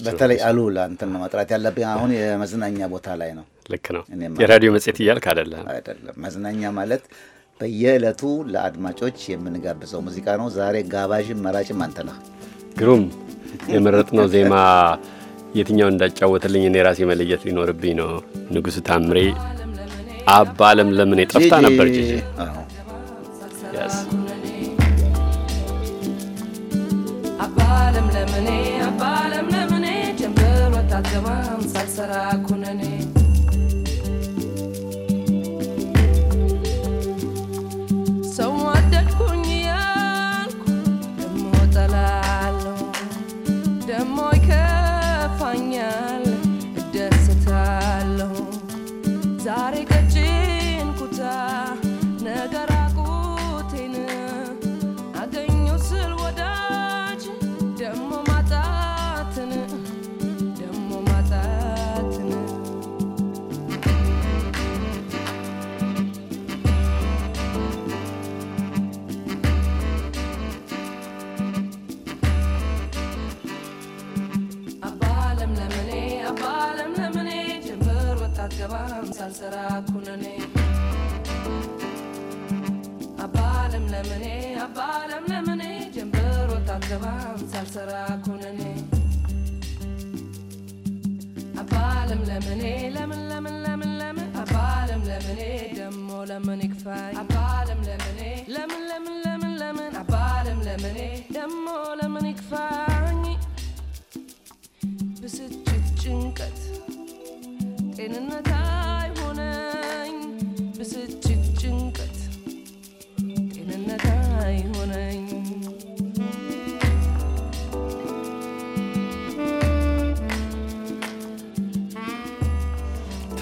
በተለይ አሉላ እንትን ነው መጥራት ያለብኝ አሁን የመዝናኛ ቦታ ላይ ነው። ልክ ነው። የራዲዮ መጽሔት እያልክ አይደለም፣ አይደለም። መዝናኛ ማለት በየዕለቱ ለአድማጮች የምንጋብዘው ሙዚቃ ነው። ዛሬ ጋባዥም መራጭም አንተ ነህ። ግሩም የመረጥነው ዜማ የትኛውን እንዳጫወትልኝ እኔ ራሴ መለየት ሊኖርብኝ ነው። ንጉሥ ታምሬ አባለም ለምን የጠፍታ ነበር ጅ አባለም ለምኔ አባለም ለምኔ ጀምሮ አታገባም ሳልሰራ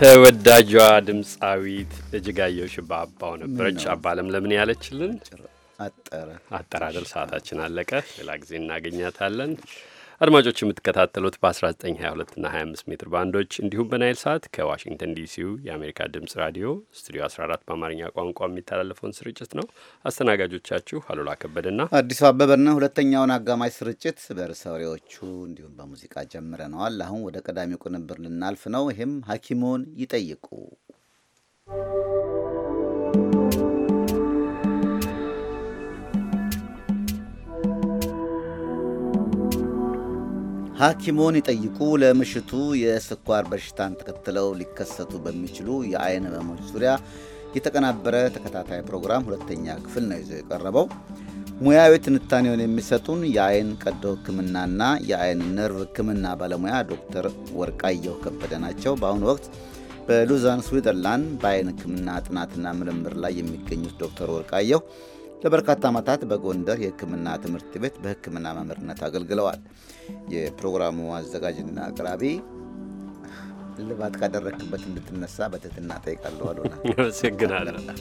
ተወዳጇ ድምፃዊት እጅጋየሁ ሽባባው ነበረች። አባለም ለምን ያለችልን አጠራደር። ሰዓታችን አለቀ። ሌላ ጊዜ እናገኛታለን። አድማጮች የምትከታተሉት በ 1922 እና 25 ሜትር ባንዶች እንዲሁም በናይል ሰዓት ከዋሽንግተን ዲሲው የአሜሪካ ድምፅ ራዲዮ ስቱዲዮ 14 በአማርኛ ቋንቋ የሚተላለፈውን ስርጭት ነው። አስተናጋጆቻችሁ አሉላ ከበደና አዲሱ አበበና ሁለተኛውን አጋማሽ ስርጭት በርዕሰ ወሬዎቹ እንዲሁም በሙዚቃ ጀምረነዋል። አሁን ወደ ቀዳሚው ቅንብር ልናልፍ ነው። ይህም ሐኪሙን ይጠይቁ ሐኪሞን ይጠይቁ ለምሽቱ የስኳር በሽታን ተከትለው ሊከሰቱ በሚችሉ የአይን ህመሞች ዙሪያ የተቀናበረ ተከታታይ ፕሮግራም ሁለተኛ ክፍል ነው ይዞ የቀረበው። ሙያዊ ትንታኔውን የሚሰጡን የአይን ቀዶ ህክምናና የአይን ነርቭ ህክምና ባለሙያ ዶክተር ወርቃየሁ ከበደ ናቸው። በአሁኑ ወቅት በሉዛን ስዊዘርላንድ በአይን ህክምና ጥናትና ምርምር ላይ የሚገኙት ዶክተር ወርቃየሁ ለበርካታ ዓመታት በጎንደር የሕክምና ትምህርት ቤት በሕክምና መምህርነት አገልግለዋል። የፕሮግራሙ አዘጋጅና አቅራቢ ልባት ካደረክበት እንድትነሳ በትህትና ጠይቃለሁ። አሉና አመሰግናለሁ።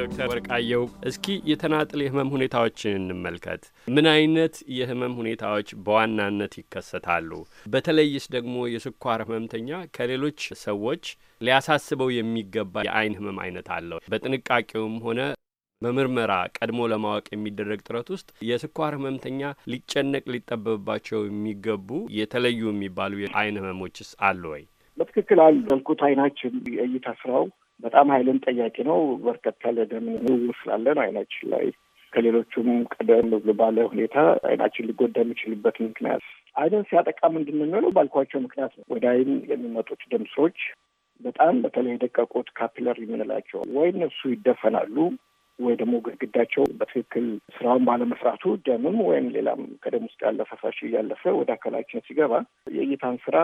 ዶክተር ወርቃየው እስኪ የተናጥል የህመም ሁኔታዎችን እንመልከት። ምን አይነት የህመም ሁኔታዎች በዋናነት ይከሰታሉ? በተለይስ ደግሞ የስኳር ህመምተኛ ከሌሎች ሰዎች ሊያሳስበው የሚገባ የአይን ህመም አይነት አለው? በጥንቃቄውም ሆነ በምርመራ ቀድሞ ለማወቅ የሚደረግ ጥረት ውስጥ የስኳር ህመምተኛ ሊጨነቅ ሊጠበብባቸው የሚገቡ የተለዩ የሚባሉ የአይን ህመሞችስ አሉ ወይ? በትክክል አሉ። ያልኩት አይናችን የእይታ ስራው በጣም ሀይልን ጠያቂ ነው። በርከት ያለ ደም ዝውውር ስላለን አይናችን ላይ ከሌሎቹም ቀደም ብሎ ባለ ሁኔታ አይናችን ሊጎዳ የሚችልበት ምክንያት አይንን ሲያጠቃ ምንድን የሚሆነው? ባልኳቸው ምክንያት ነው። ወደ አይን የሚመጡት ደም ስሮች በጣም በተለይ የደቀቁት ካፒለር የምንላቸው ወይ እነሱ ይደፈናሉ ወይ ደግሞ ግድግዳቸው በትክክል ስራውን ባለመስራቱ ደምም ወይም ሌላም ከደም ውስጥ ያለ ፈሳሽ እያለፈ ወደ አካላችን ሲገባ የእይታን ስራ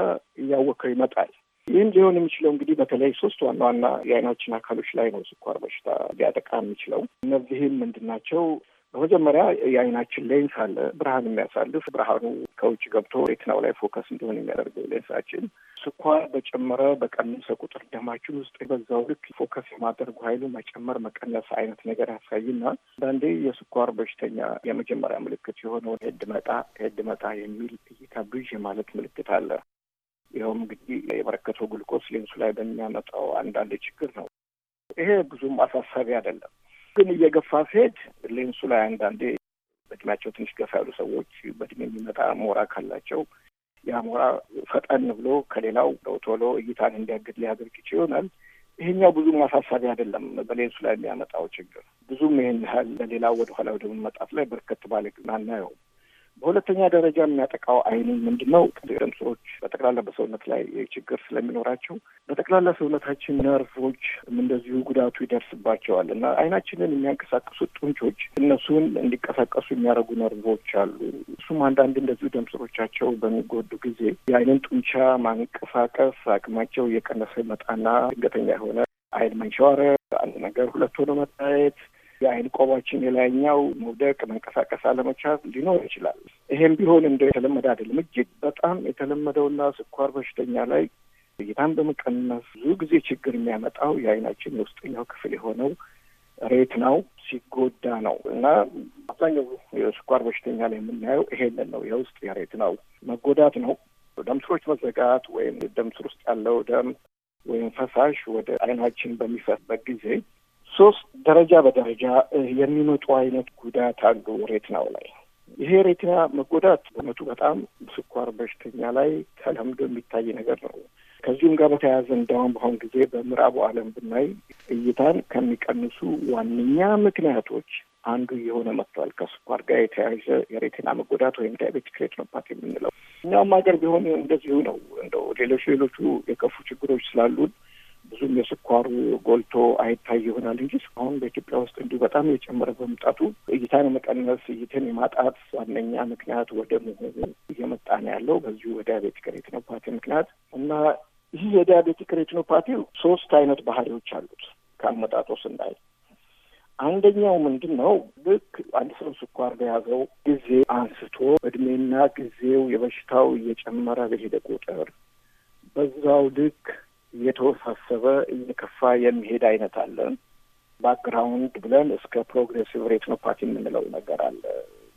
እያወከው ይመጣል። ይህም ሊሆን የሚችለው እንግዲህ በተለይ ሶስት ዋና ዋና የአይናችን አካሎች ላይ ነው ስኳር በሽታ ሊያጠቃ የሚችለው። እነዚህም ምንድን ናቸው? በመጀመሪያ የአይናችን ሌንስ አለ፣ ብርሃን የሚያሳልፍ ብርሃኑ ከውጭ ገብቶ ሬቲናው ላይ ፎከስ እንዲሆን የሚያደርገው ሌንሳችን ስኳር በጨመረ በቀነሰ ቁጥር ደማችን ውስጥ በዛው ልክ ፎከስ የማደርጉ ኃይሉ መጨመር መቀነስ አይነት ነገር ያሳይና አንዳንዴ የስኳር በሽተኛ የመጀመሪያ ምልክት የሆነውን ሄድ መጣ ሄድ መጣ የሚል እይታ ብዥ ማለት ምልክት አለ። ይኸውም እንግዲህ የበረከተው ግሉኮስ ሌንሱ ላይ በሚያመጣው አንዳንድ ችግር ነው። ይሄ ብዙም አሳሳቢ አይደለም፣ ግን እየገፋ ሲሄድ ሌንሱ ላይ አንዳንዴ በእድሜያቸው ትንሽ ገፋ ያሉ ሰዎች በእድሜ የሚመጣ ሞራ ካላቸው ያ ሞራ ፈጠን ብሎ ከሌላው ቶሎ እይታን እንዲያግድ ሊያደርግ ይችል ይሆናል። ይሄኛው ብዙም አሳሳቢ አይደለም። በሌንሱ ላይ የሚያመጣው ችግር ብዙም ይህን ያህል ለሌላው ወደኋላ ወደ መመጣት ላይ በርከት ባለ ግን አናየውም። በሁለተኛ ደረጃ የሚያጠቃው አይንን ምንድን ነው? ደም ስሮች በጠቅላላ በሰውነት ላይ ችግር ስለሚኖራቸው በጠቅላላ ሰውነታችን ነርቮች እንደዚሁ ጉዳቱ ይደርስባቸዋል እና አይናችንን የሚያንቀሳቀሱ ጡንቾች እነሱን እንዲቀሳቀሱ የሚያደርጉ ነርቮች አሉ። እሱም አንዳንድ እንደዚሁ ደም ስሮቻቸው በሚጎዱ ጊዜ የአይንን ጡንቻ ማንቀሳቀስ አቅማቸው እየቀነሰ መጣና ድንገተኛ የሆነ አይን መንሸዋረ አንድ ነገር ሁለት ሆኖ መታየት የአይን ቆባችን የላይኛው መውደቅ፣ መንቀሳቀስ አለመቻት ሊኖር ይችላል። ይሄም ቢሆን እንደ የተለመደ አይደለም። እጅግ በጣም የተለመደውና ስኳር በሽተኛ ላይ እይታን በመቀነስ ብዙ ጊዜ ችግር የሚያመጣው የአይናችን የውስጠኛው ክፍል የሆነው ሬት ነው ሲጎዳ ነው እና አብዛኛው የስኳር በሽተኛ ላይ የምናየው ይሄንን ነው። የውስጥ የሬት ነው መጎዳት ነው። ደም ስሮች መዘጋት ወይም ደም ስር ውስጥ ያለው ደም ወይም ፈሳሽ ወደ አይናችን በሚፈስበት ጊዜ ሶስት ደረጃ በደረጃ የሚመጡ አይነት ጉዳት አሉ ሬትናው ላይ ይሄ ሬትና መጎዳት እውነቱ በጣም ስኳር በሽተኛ ላይ ተለምዶ የሚታይ ነገር ነው። ከዚሁም ጋር በተያያዘ እንደውም በአሁን ጊዜ በምዕራቡ ዓለም ብናይ እይታን ከሚቀንሱ ዋነኛ ምክንያቶች አንዱ የሆነ መጥቷል። ከስኳር ጋር የተያያዘ የሬቲና መጎዳት ወይም ዳያቤቲክ ሬቲኖፓቲ የምንለው እኛውም ሀገር ቢሆን እንደዚሁ ነው። እንደው ሌሎች ሌሎቹ የከፉ ችግሮች ስላሉን ብዙም የስኳሩ ጎልቶ አይታይ ይሆናል እንጂ እስካሁን በኢትዮጵያ ውስጥ እንዲሁ በጣም የጨመረ በመምጣቱ እይታን የመቀነስ እይትን የማጣት ዋነኛ ምክንያት ወደ መሆኑ እየመጣ ነው ያለው በዚሁ የዲያቤቲክ ሬቲኖፓቲ ምክንያት እና ይህ የዲያቤቲክ ሬቲኖፓቲ ሶስት አይነት ባህሪዎች አሉት ከአመጣጦ ስናይ አንደኛው ምንድን ነው? ልክ አንድ ሰው ስኳር በያዘው ጊዜ አንስቶ እድሜና ጊዜው የበሽታው እየጨመረ በሄደ ቁጥር በዛው ልክ እየተወሳሰበ እየከፋ የሚሄድ አይነት አለ። ባክግራውንድ ብለን እስከ ፕሮግሬሲቭ ሬቲኖፓቲ የምንለው ነገር አለ።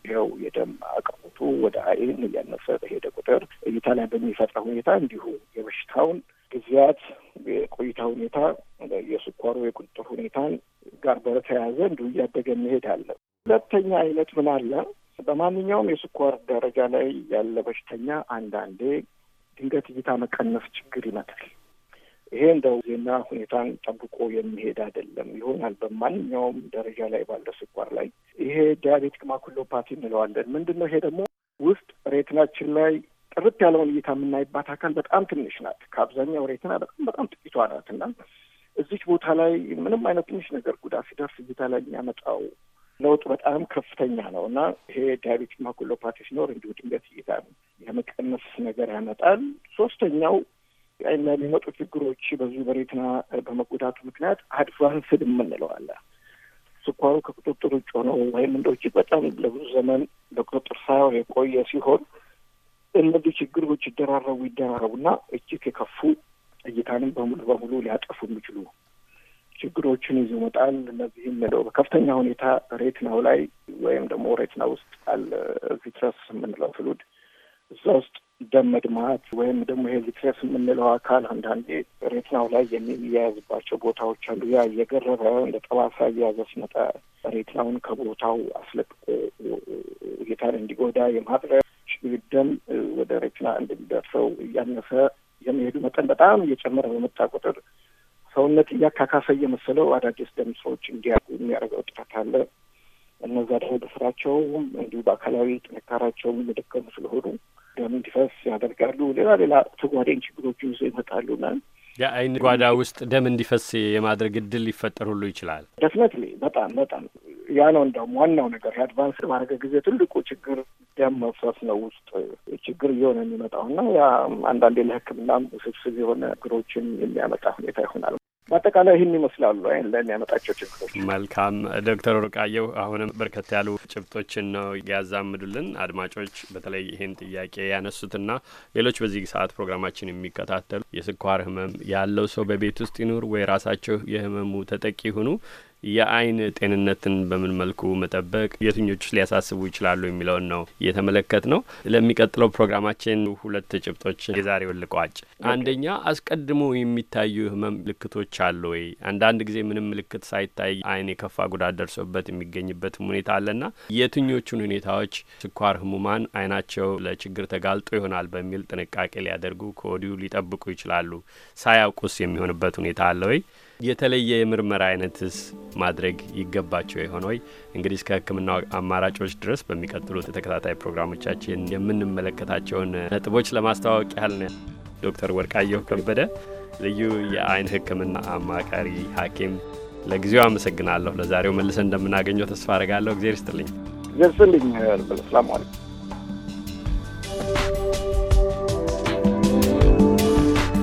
ይኸው የደም አቅርቦቱ ወደ አይን እያነሰ በሄደ ቁጥር እይታ ላይ በሚፈጥረው ሁኔታ እንዲሁ የበሽታውን ጊዜያት የቆይታ ሁኔታ የስኳሩ የቁጥጥር ሁኔታን ጋር በተያያዘ እንዲሁ እያደገ መሄድ አለ። ሁለተኛ አይነት ምን አለ? በማንኛውም የስኳር ደረጃ ላይ ያለ በሽተኛ አንዳንዴ ድንገት እይታ መቀነስ ችግር ይመጣል። ይሄ እንደው ዜና ሁኔታን ጠብቆ የሚሄድ አይደለም። ይሆናል በማንኛውም ደረጃ ላይ ባለው ስኳር ላይ ይሄ ዲያቤቲክ ማኩሎፓቲ እንለዋለን። ምንድን ነው ይሄ ደግሞ ውስጥ ሬትናችን ላይ ጥርት ያለውን እይታ የምናይባት አካል በጣም ትንሽ ናት። ከአብዛኛው ሬትና በጣም በጣም ጥቂቷ ናት እና እዚች ቦታ ላይ ምንም አይነት ትንሽ ነገር ጉዳት ሲደርስ እይታ ላይ የሚያመጣው ለውጥ በጣም ከፍተኛ ነው እና ይሄ ዲያቤቲክ ማኩሎፓቲ ሲኖር እንዲሁ ድንገት እይታ የመቀነስ ነገር ያመጣል። ሶስተኛው እና የሚመጡ ችግሮች በዚህ በሬትና በመጎዳቱ ምክንያት አድቫንስድ የምንለው አለ። ስኳሩ ከቁጥጥር ውጭ ሆኖ ወይም እንደ ውጭ በጣም ለብዙ ዘመን በቁጥጥር ሳይሆን የቆየ ሲሆን እነዚህ ችግሮች ይደራረቡ ይደራረቡና እጅግ የከፉ እይታንም በሙሉ በሙሉ ሊያጠፉ የሚችሉ ችግሮችን ይዞ መጣል። እነዚህም እንደው በከፍተኛ ሁኔታ ሬትናው ላይ ወይም ደግሞ ሬትና ውስጥ አለ ቪትረስ የምንለው ፍሉድ እዛ ውስጥ ደም መድማት ወይም ደግሞ ይሄ ቪትረስ የምንለው አካል አንዳንዴ ሬትናው ላይ የሚያያዝባቸው ቦታዎች አሉ። ያ እየገረበ እንደ ጠባሳ እያያዘ ሲመጣ ሬትናውን ከቦታው አስለቅቆ ጌታን እንዲጎዳ የማድረግ ደም ወደ ሬትና እንደሚደርሰው እያነሰ የመሄዱ መጠን በጣም እየጨመረ በመጣ ቁጥር ሰውነት እያካካሰ እየመሰለው አዳዲስ ደም ሰዎች እንዲያጉ የሚያደርገው ጥረት አለ። እነዛ ደግሞ በስራቸውም እንዲሁ በአካላዊ ጥንካራቸውም የደከሙ ስለሆኑ ደም እንዲፈስ ያደርጋሉ። ሌላ ሌላ ተጓዳኝ ችግሮች ይዞ ይመጣሉና የአይን ጓዳ ውስጥ ደም እንዲፈስ የማድረግ እድል ሊፈጠር ሁሉ ይችላል። ደፍነትሊ በጣም በጣም ያ ነው እንደውም ዋናው ነገር የአድቫንስ ባረገ ጊዜ ትልቁ ችግር ደም መፍሰስ ነው ውስጥ ችግር እየሆነ የሚመጣው እና ያ አንዳንዴ ለሕክምናም ውስብስብ የሆነ ችግሮችን የሚያመጣ ሁኔታ ይሆናል በአጠቃላይ ይህን ይመስላሉ ለእኔ ያመጣቸው ችግሮች። መልካም ዶክተር ሩቃየሁ አሁንም በርከት ያሉ ጭብጦችን ነው ያዛምዱልን። አድማጮች በተለይ ይህን ጥያቄ ያነሱትና ሌሎች በዚህ ሰዓት ፕሮግራማችን የሚከታተሉ የስኳር ህመም ያለው ሰው በቤት ውስጥ ይኑር ወይ ራሳቸው የህመሙ ተጠቂ ሁኑ የአይን ጤንነትን በምን መልኩ መጠበቅ የትኞቹ ሊያሳስቡ ይችላሉ የሚለውን ነው እየተመለከት ነው። ለሚቀጥለው ፕሮግራማችን ሁለት ጭብጦች የዛሬው ልቋጭ። አንደኛ አስቀድሞ የሚታዩ ህመም ምልክቶች አሉ ወይ? አንዳንድ ጊዜ ምንም ምልክት ሳይታይ አይን የከፋ ጉዳት ደርሶበት የሚገኝበትም ሁኔታ አለና የትኞቹን ሁኔታዎች ስኳር ህሙማን አይናቸው ለችግር ተጋልጦ ይሆናል በሚል ጥንቃቄ ሊያደርጉ ከወዲሁ ሊጠብቁ ይችላሉ? ሳያውቁስ የሚሆንበት ሁኔታ አለ ወይ? የተለየ የምርመራ አይነትስ ማድረግ ይገባቸው ይሆን እንግዲህ እስከ ሕክምና አማራጮች ድረስ በሚቀጥሉት ተከታታይ ፕሮግራሞቻችን የምንመለከታቸውን ነጥቦች ለማስተዋወቅ ያህል ነው። ዶክተር ወርቃየሁ ከበደ ልዩ የአይን ሕክምና አማካሪ ሐኪም ለጊዜው አመሰግናለሁ። ለዛሬው መልሰን እንደምናገኘው ተስፋ አረጋለሁ። እግዜር ይስጥልኝ። እግዜር ይስጥልኝ። ሰላም አለይኩም።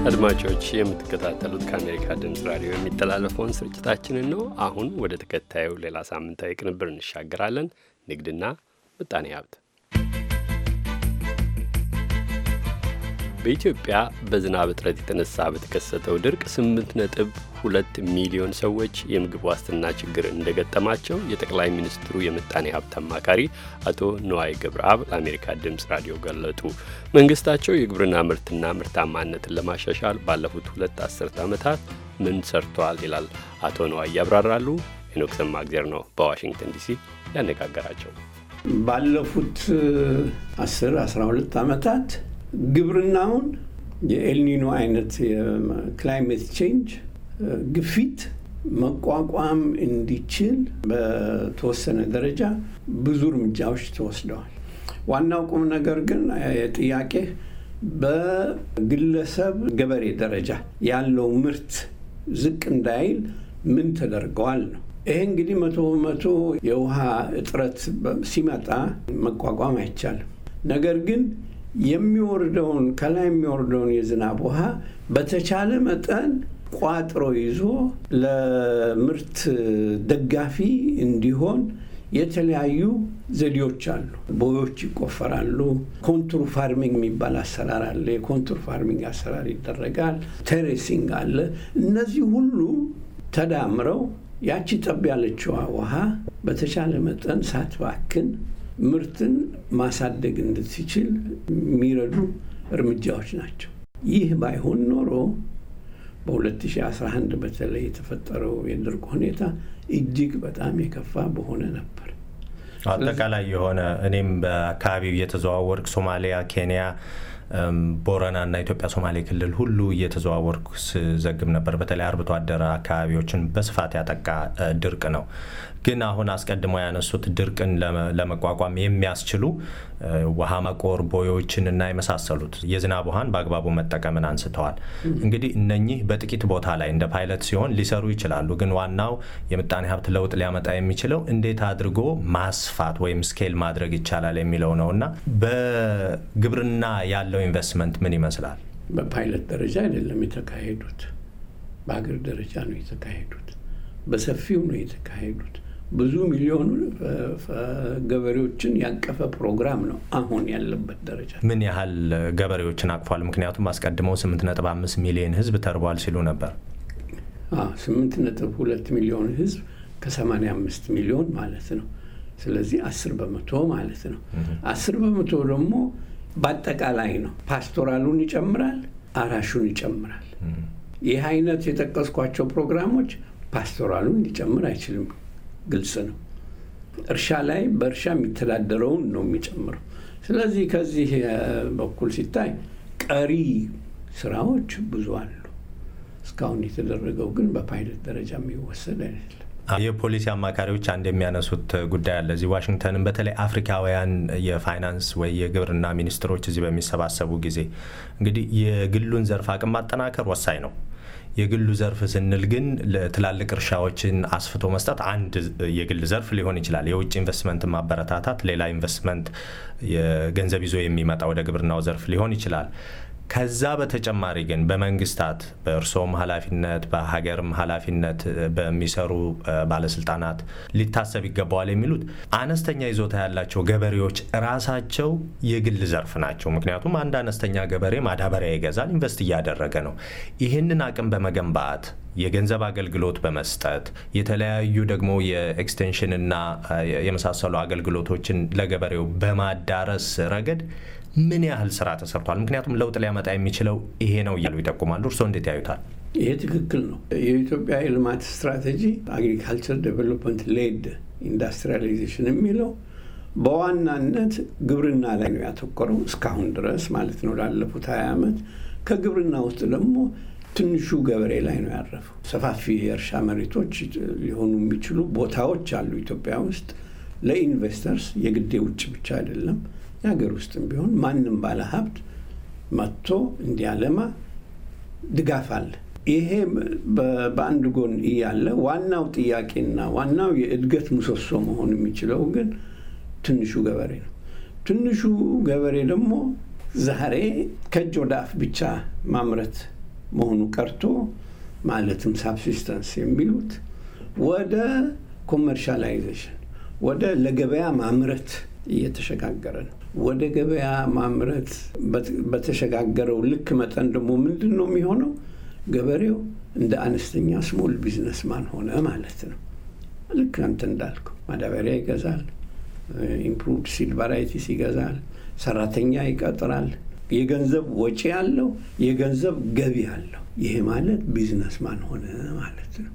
አድማጮች የምትከታተሉት ከአሜሪካ ድምፅ ራዲዮ የሚተላለፈውን ስርጭታችንን ነው። አሁን ወደ ተከታዩ ሌላ ሳምንታዊ ቅንብር እንሻገራለን። ንግድና ምጣኔ ሀብት በኢትዮጵያ በዝናብ እጥረት የተነሳ በተከሰተው ድርቅ 8.2 ሚሊዮን ሰዎች የምግብ ዋስትና ችግር እንደገጠማቸው የጠቅላይ ሚኒስትሩ የምጣኔ ሀብት አማካሪ አቶ ነዋይ ገብረአብ ለአሜሪካ ድምፅ ራዲዮ ገለጡ። መንግስታቸው የግብርና ምርትና ምርታማነትን ለማሻሻል ባለፉት ሁለት አስርት ዓመታት ምን ሰርቷል? ይላል አቶ ነዋይ ያብራራሉ። ሄኖክ ሰማእግዜር ነው በዋሽንግተን ዲሲ ያነጋገራቸው። ባለፉት 10 12 ዓመታት ግብርናውን የኤልኒኖ አይነት ክላይሜት ቼንጅ ግፊት መቋቋም እንዲችል በተወሰነ ደረጃ ብዙ እርምጃዎች ተወስደዋል። ዋናው ቁም ነገር ግን ጥያቄ በግለሰብ ገበሬ ደረጃ ያለው ምርት ዝቅ እንዳይል ምን ተደርገዋል ነው። ይሄ እንግዲህ መቶ በመቶ የውሃ እጥረት ሲመጣ መቋቋም አይቻልም። ነገር ግን የሚወርደውን ከላይ የሚወርደውን የዝናብ ውሃ በተቻለ መጠን ቋጥሮ ይዞ ለምርት ደጋፊ እንዲሆን የተለያዩ ዘዴዎች አሉ። ቦዮች ይቆፈራሉ። ኮንቱር ፋርሚንግ የሚባል አሰራር አለ። የኮንቱር ፋርሚንግ አሰራር ይደረጋል። ቴሬሲንግ አለ። እነዚህ ሁሉ ተዳምረው ያቺ ጠብ ያለችዋ ውሃ በተቻለ መጠን ሳትባክን ምርትን ማሳደግ እንድትችል የሚረዱ እርምጃዎች ናቸው። ይህ ባይሆን ኖሮ በ2011 በተለይ የተፈጠረው የድርቅ ሁኔታ እጅግ በጣም የከፋ በሆነ ነበር። አጠቃላይ የሆነ እኔም በአካባቢው እየተዘዋወርክ ሶማሊያ፣ ኬንያ፣ ቦረና እና ኢትዮጵያ ሶማሌ ክልል ሁሉ እየተዘዋወርኩ ስዘግብ ነበር። በተለይ አርብቶ አደር አካባቢዎችን በስፋት ያጠቃ ድርቅ ነው። ግን አሁን አስቀድመው ያነሱት ድርቅን ለመቋቋም የሚያስችሉ ውሃ መቆር ቦዮችን እና የመሳሰሉት የዝናብ ውሃን በአግባቡ መጠቀምን አንስተዋል። እንግዲህ እነኚህ በጥቂት ቦታ ላይ እንደ ፓይለት ሲሆን ሊሰሩ ይችላሉ። ግን ዋናው የምጣኔ ሀብት ለውጥ ሊያመጣ የሚችለው እንዴት አድርጎ ማስፋት ወይም ስኬል ማድረግ ይቻላል የሚለው ነው እና በግብርና ያለው ኢንቨስትመንት ምን ይመስላል? በፓይለት ደረጃ አይደለም የተካሄዱት፣ በሀገር ደረጃ ነው የተካሄዱት፣ በሰፊው ነው የተካሄዱት። ብዙ ሚሊዮኑ ገበሬዎችን ያቀፈ ፕሮግራም ነው አሁን ያለበት ደረጃ። ምን ያህል ገበሬዎችን አቅፏል? ምክንያቱም አስቀድመው 8.5 ሚሊዮን ህዝብ ተርቧል ሲሉ ነበር። 8.2 ሚሊዮን ህዝብ ከ85 ሚሊዮን ማለት ነው። ስለዚህ 10 በመቶ ማለት ነው። 10 በመቶ ደግሞ በአጠቃላይ ነው። ፓስቶራሉን ይጨምራል፣ አራሹን ይጨምራል። ይህ አይነት የጠቀስኳቸው ፕሮግራሞች ፓስቶራሉን ሊጨምር አይችልም። ግልጽ ነው። እርሻ ላይ በእርሻ የሚተዳደረውን ነው የሚጨምረው። ስለዚህ ከዚህ በኩል ሲታይ ቀሪ ስራዎች ብዙ አሉ። እስካሁን የተደረገው ግን በፓይለት ደረጃ የሚወሰድ አይደለም። የፖሊሲ አማካሪዎች አንድ የሚያነሱት ጉዳይ አለ። እዚህ ዋሽንግተንን በተለይ አፍሪካውያን የፋይናንስ ወይ የግብርና ሚኒስትሮች እዚህ በሚሰባሰቡ ጊዜ እንግዲህ የግሉን ዘርፍ አቅም ማጠናከር ወሳኝ ነው። የግሉ ዘርፍ ስንል ግን ለትላልቅ እርሻዎችን አስፍቶ መስጠት አንድ የግል ዘርፍ ሊሆን ይችላል። የውጭ ኢንቨስትመንት ማበረታታት ሌላ ኢንቨስትመንት የገንዘብ ይዞ የሚመጣ ወደ ግብርናው ዘርፍ ሊሆን ይችላል። ከዛ በተጨማሪ ግን በመንግስታት በእርሶም ኃላፊነት በሀገርም ኃላፊነት በሚሰሩ ባለስልጣናት ሊታሰብ ይገባዋል የሚሉት አነስተኛ ይዞታ ያላቸው ገበሬዎች ራሳቸው የግል ዘርፍ ናቸው። ምክንያቱም አንድ አነስተኛ ገበሬ ማዳበሪያ ይገዛል፣ ኢንቨስት እያደረገ ነው። ይህንን አቅም በመገንባት የገንዘብ አገልግሎት በመስጠት የተለያዩ ደግሞ የኤክስቴንሽንና የመሳሰሉ አገልግሎቶችን ለገበሬው በማዳረስ ረገድ ምን ያህል ስራ ተሰርቷል? ምክንያቱም ለውጥ ሊያመጣ የሚችለው ይሄ ነው እያሉ ይጠቁማሉ። እርስዎ እንዴት ያዩታል? ይሄ ትክክል ነው። የኢትዮጵያ የልማት ስትራቴጂ አግሪካልቸር ዴቨሎፕመንት ሌድ ኢንዱስትሪያላይዜሽን የሚለው በዋናነት ግብርና ላይ ነው ያተኮረው እስካሁን ድረስ ማለት ነው ላለፉት ሀያ ዓመት ከግብርና ውስጥ ደግሞ ትንሹ ገበሬ ላይ ነው ያረፈው። ሰፋፊ የእርሻ መሬቶች ሊሆኑ የሚችሉ ቦታዎች አሉ ኢትዮጵያ ውስጥ ለኢንቨስተርስ የግዴ ውጭ ብቻ አይደለም የሀገር ውስጥም ቢሆን ማንም ባለ ሀብት መጥቶ እንዲያለማ ድጋፍ አለ። ይሄ በአንድ ጎን እያለ ዋናው ጥያቄና ዋናው የእድገት ምሰሶ መሆን የሚችለው ግን ትንሹ ገበሬ ነው። ትንሹ ገበሬ ደግሞ ዛሬ ከእጅ ወደ አፍ ብቻ ማምረት መሆኑ ቀርቶ ማለትም ሳብሲስተንስ የሚሉት ወደ ኮመርሻላይዜሽን ወደ ለገበያ ማምረት እየተሸጋገረ ነው። ወደ ገበያ ማምረት በተሸጋገረው ልክ መጠን ደግሞ ምንድን ነው የሚሆነው? ገበሬው እንደ አነስተኛ ስሞል ቢዝነስማን ሆነ ማለት ነው። ልክ አንተ እንዳልኩ ማዳበሪያ ይገዛል፣ ኢምፕሩቭድ ሲድ ቫራይቲስ ይገዛል፣ ሰራተኛ ይቀጥራል። የገንዘብ ወጪ አለው፣ የገንዘብ ገቢ አለው። ይሄ ማለት ቢዝነስማን ሆነ ማለት ነው።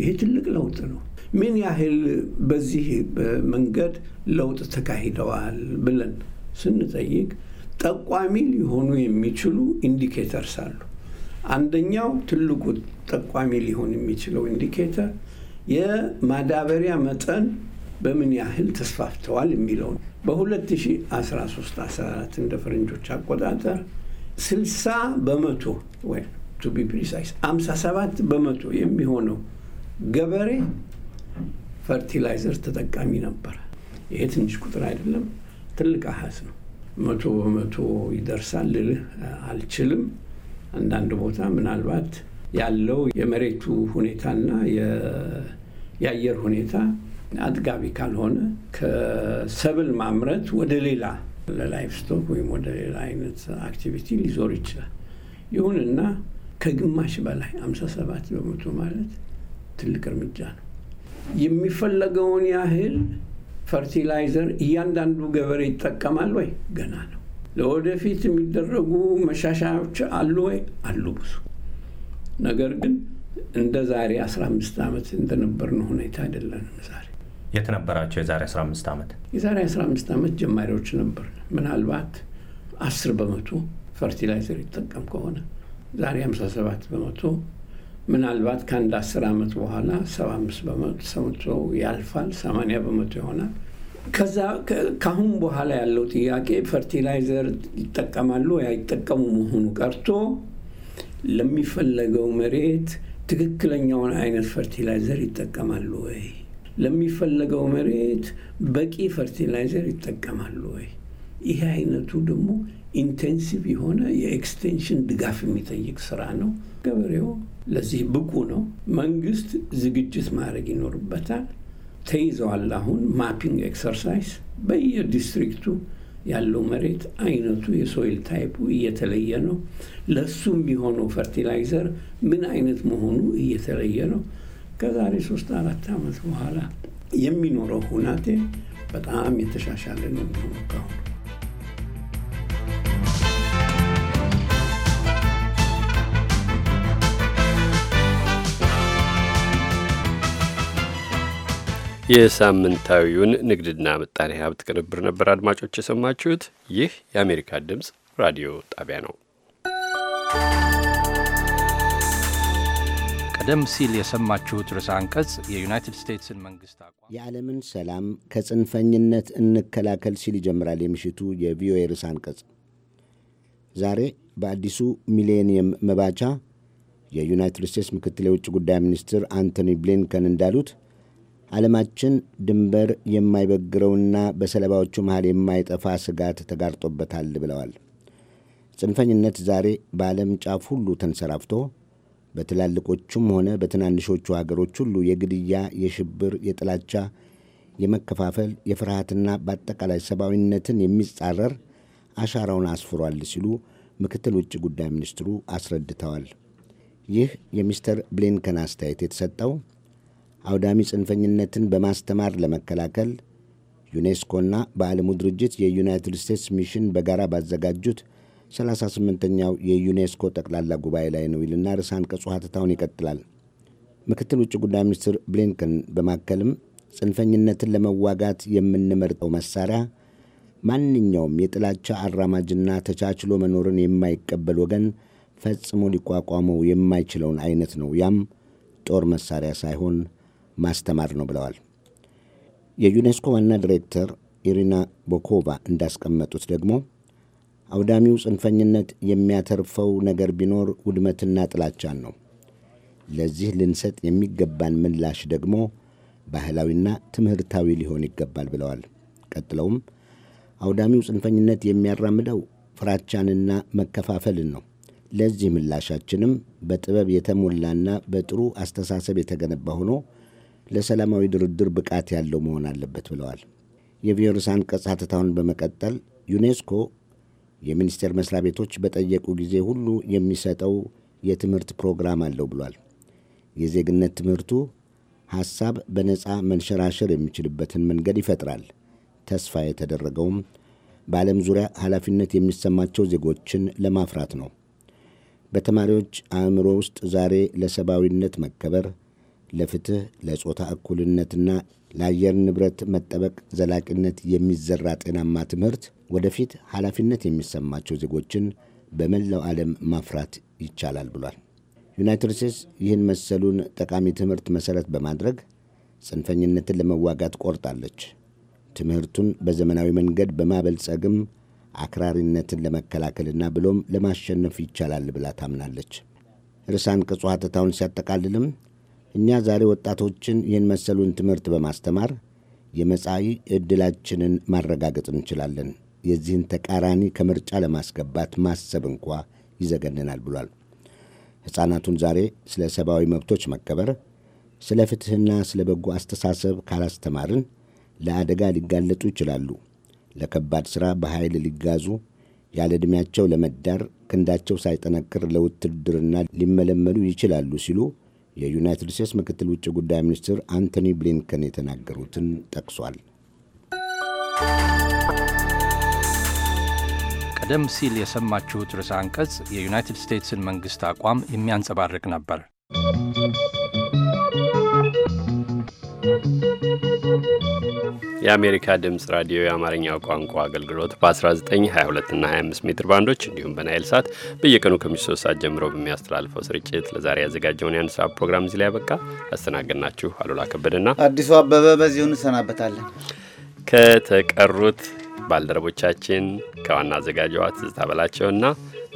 ይሄ ትልቅ ለውጥ ነው። ምን ያህል በዚህ መንገድ ለውጥ ተካሂደዋል ብለን ስንጠይቅ ጠቋሚ ሊሆኑ የሚችሉ ኢንዲኬተርስ አሉ። አንደኛው ትልቁ ጠቋሚ ሊሆን የሚችለው ኢንዲኬተር የማዳበሪያ መጠን በምን ያህል ተስፋፍተዋል የሚለው ነው። በ2013/14 እንደ ፈረንጆች አቆጣጠር 60 በመቶ ወይም ቱ ቢ ፕሪሳይስ 57 በመቶ የሚሆነው ገበሬ ፈርቲላይዘር ተጠቃሚ ነበረ። ይሄ ትንሽ ቁጥር አይደለም፣ ትልቅ አሀዝ ነው። መቶ በመቶ ይደርሳል ልልህ አልችልም። አንዳንድ ቦታ ምናልባት ያለው የመሬቱ ሁኔታና የአየር ሁኔታ አጥጋቢ ካልሆነ ከሰብል ማምረት ወደ ሌላ ለላይፍ ስቶክ ወይም ወደ ሌላ አይነት አክቲቪቲ ሊዞር ይችላል። ይሁንና ከግማሽ በላይ 57 በመቶ ማለት ትልቅ እርምጃ ነው። የሚፈለገውን ያህል ፈርቲላይዘር እያንዳንዱ ገበሬ ይጠቀማል ወይ? ገና ነው። ለወደፊት የሚደረጉ መሻሻዎች አሉ ወይ? አሉ ብዙ። ነገር ግን እንደ ዛሬ 15 ዓመት እንደነበርነው ሁኔታ አይደለንም። ዛሬ የት ነበራቸው? የዛሬ 15 ዓመት የዛሬ 15 ዓመት ጀማሪዎች ነበር። ምናልባት 10 በመቶ ፈርቲላይዘር ይጠቀም ከሆነ ዛሬ 57 በመቶ ምናልባት ከአንድ አስር ዓመት በኋላ ሰባ አምስት በመቶ ያልፋል፣ ሰማንያ በመቶ ይሆናል። ከዛ ካሁን በኋላ ያለው ጥያቄ ፈርቲላይዘር ይጠቀማሉ አይጠቀሙ መሆኑ ቀርቶ ለሚፈለገው መሬት ትክክለኛውን አይነት ፈርቲላይዘር ይጠቀማሉ ወይ፣ ለሚፈለገው መሬት በቂ ፈርቲላይዘር ይጠቀማሉ ወይ? ይሄ አይነቱ ደግሞ ኢንቴንሲቭ የሆነ የኤክስቴንሽን ድጋፍ የሚጠይቅ ስራ ነው ገበሬው ለዚህ ብቁ ነው። መንግስት ዝግጅት ማድረግ ይኖርበታል። ተይዘዋል። አሁን ማፒንግ ኤክሰርሳይዝ በየዲስትሪክቱ ያለው መሬት አይነቱ፣ የሶይል ታይፑ እየተለየ ነው። ለሱ የሚሆነው ፈርቲላይዘር ምን አይነት መሆኑ እየተለየ ነው። ከዛሬ ሶስት አራት ዓመት በኋላ የሚኖረው ሁናቴ በጣም የተሻሻለ ነው የሚሆኑ የሳምንታዊውን ንግድና ምጣኔ ሀብት ቅንብር ነበር አድማጮች የሰማችሁት። ይህ የአሜሪካ ድምፅ ራዲዮ ጣቢያ ነው። ቀደም ሲል የሰማችሁት ርዕሰ አንቀጽ የዩናይትድ ስቴትስን መንግስት አቋም የዓለምን ሰላም ከጽንፈኝነት እንከላከል ሲል ይጀምራል። የምሽቱ የቪኦኤ ርዕሰ አንቀጽ ዛሬ በአዲሱ ሚሌኒየም መባቻ የዩናይትድ ስቴትስ ምክትል የውጭ ጉዳይ ሚኒስትር አንቶኒ ብሊንከን እንዳሉት ዓለማችን ድንበር የማይበግረውና በሰለባዎቹ መሃል የማይጠፋ ስጋት ተጋርጦበታል ብለዋል። ጽንፈኝነት ዛሬ በዓለም ጫፍ ሁሉ ተንሰራፍቶ በትላልቆቹም ሆነ በትናንሾቹ ሀገሮች ሁሉ የግድያ፣ የሽብር፣ የጥላቻ፣ የመከፋፈል፣ የፍርሃትና በአጠቃላይ ሰብአዊነትን የሚጻረር አሻራውን አስፍሯል ሲሉ ምክትል ውጭ ጉዳይ ሚኒስትሩ አስረድተዋል። ይህ የሚስተር ብሊንከን አስተያየት የተሰጠው አውዳሚ ጽንፈኝነትን በማስተማር ለመከላከል ዩኔስኮና በዓለሙ ድርጅት የዩናይትድ ስቴትስ ሚሽን በጋራ ባዘጋጁት 38ኛው የዩኔስኮ ጠቅላላ ጉባኤ ላይ ነው ይልና ርዕሰ አንቀጹ ሐተታውን ይቀጥላል። ምክትል ውጭ ጉዳይ ሚኒስትር ብሊንከን በማከልም ጽንፈኝነትን ለመዋጋት የምንመርጠው መሳሪያ ማንኛውም የጥላቻ አራማጅና ተቻችሎ መኖርን የማይቀበል ወገን ፈጽሞ ሊቋቋመው የማይችለውን አይነት ነው። ያም ጦር መሳሪያ ሳይሆን ማስተማር ነው ብለዋል። የዩኔስኮ ዋና ዲሬክተር ኢሪና ቦኮቫ እንዳስቀመጡት ደግሞ አውዳሚው ጽንፈኝነት የሚያተርፈው ነገር ቢኖር ውድመትና ጥላቻን ነው። ለዚህ ልንሰጥ የሚገባን ምላሽ ደግሞ ባህላዊና ትምህርታዊ ሊሆን ይገባል ብለዋል። ቀጥለውም አውዳሚው ጽንፈኝነት የሚያራምደው ፍራቻንና መከፋፈልን ነው። ለዚህ ምላሻችንም በጥበብ የተሞላና በጥሩ አስተሳሰብ የተገነባ ሆኖ ለሰላማዊ ድርድር ብቃት ያለው መሆን አለበት ብለዋል። የቪዮርስ አንቀጽ ሐተታውን በመቀጠል ዩኔስኮ የሚኒስቴር መስሪያ ቤቶች በጠየቁ ጊዜ ሁሉ የሚሰጠው የትምህርት ፕሮግራም አለው ብሏል። የዜግነት ትምህርቱ ሐሳብ በነፃ መንሸራሸር የሚችልበትን መንገድ ይፈጥራል። ተስፋ የተደረገውም በዓለም ዙሪያ ኃላፊነት የሚሰማቸው ዜጎችን ለማፍራት ነው። በተማሪዎች አእምሮ ውስጥ ዛሬ ለሰብአዊነት መከበር ለፍትህ፣ ለጾታ እኩልነትና ለአየር ንብረት መጠበቅ ዘላቂነት የሚዘራ ጤናማ ትምህርት ወደፊት ኃላፊነት የሚሰማቸው ዜጎችን በመላው ዓለም ማፍራት ይቻላል ብሏል። ዩናይትድ ስቴትስ ይህን መሰሉን ጠቃሚ ትምህርት መሠረት በማድረግ ጽንፈኝነትን ለመዋጋት ቆርጣለች። ትምህርቱን በዘመናዊ መንገድ በማበልጸግም አክራሪነትን ለመከላከልና ብሎም ለማሸነፍ ይቻላል ብላ ታምናለች። ርዕሰ አንቀጹ ሐተታውን ሲያጠቃልልም እኛ ዛሬ ወጣቶችን ይህን መሰሉን ትምህርት በማስተማር የመጻኢ ዕድላችንን ማረጋገጥ እንችላለን። የዚህን ተቃራኒ ከምርጫ ለማስገባት ማሰብ እንኳ ይዘገንናል ብሏል። ሕፃናቱን ዛሬ ስለ ሰብአዊ መብቶች መከበር፣ ስለ ፍትሕና ስለ በጎ አስተሳሰብ ካላስተማርን ለአደጋ ሊጋለጡ ይችላሉ። ለከባድ ሥራ በኃይል ሊጋዙ፣ ያለ ዕድሜያቸው ለመዳር፣ ክንዳቸው ሳይጠነክር ለውትድርና ሊመለመሉ ይችላሉ ሲሉ የዩናይትድ ስቴትስ ምክትል ውጭ ጉዳይ ሚኒስትር አንቶኒ ብሊንከን የተናገሩትን ጠቅሷል። ቀደም ሲል የሰማችሁት ርዕሰ አንቀጽ የዩናይትድ ስቴትስን መንግሥት አቋም የሚያንጸባርቅ ነበር። የአሜሪካ ድምፅ ራዲዮ የአማርኛው ቋንቋ አገልግሎት በ1922 እና 25 ሜትር ባንዶች እንዲሁም በናይል ሳት በየቀኑ ከምሽቱ 3 ሰዓት ጀምሮ በሚያስተላልፈው ስርጭት ለዛሬ ያዘጋጀውን የአንድ ሰዓት ፕሮግራም እዚህ ላይ ያበቃ። ያስተናገድናችሁ አሉላ ከበደና አዲሱ አበበ በዚሁ እንሰናበታለን ከተቀሩት ባልደረቦቻችን ከዋና አዘጋጅዋ ትዝታ በላቸውና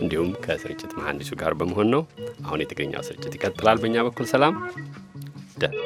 እንዲሁም ከስርጭት መሐንዲሱ ጋር በመሆን ነው። አሁን የትግርኛው ስርጭት ይቀጥላል። በእኛ በኩል ሰላም ደ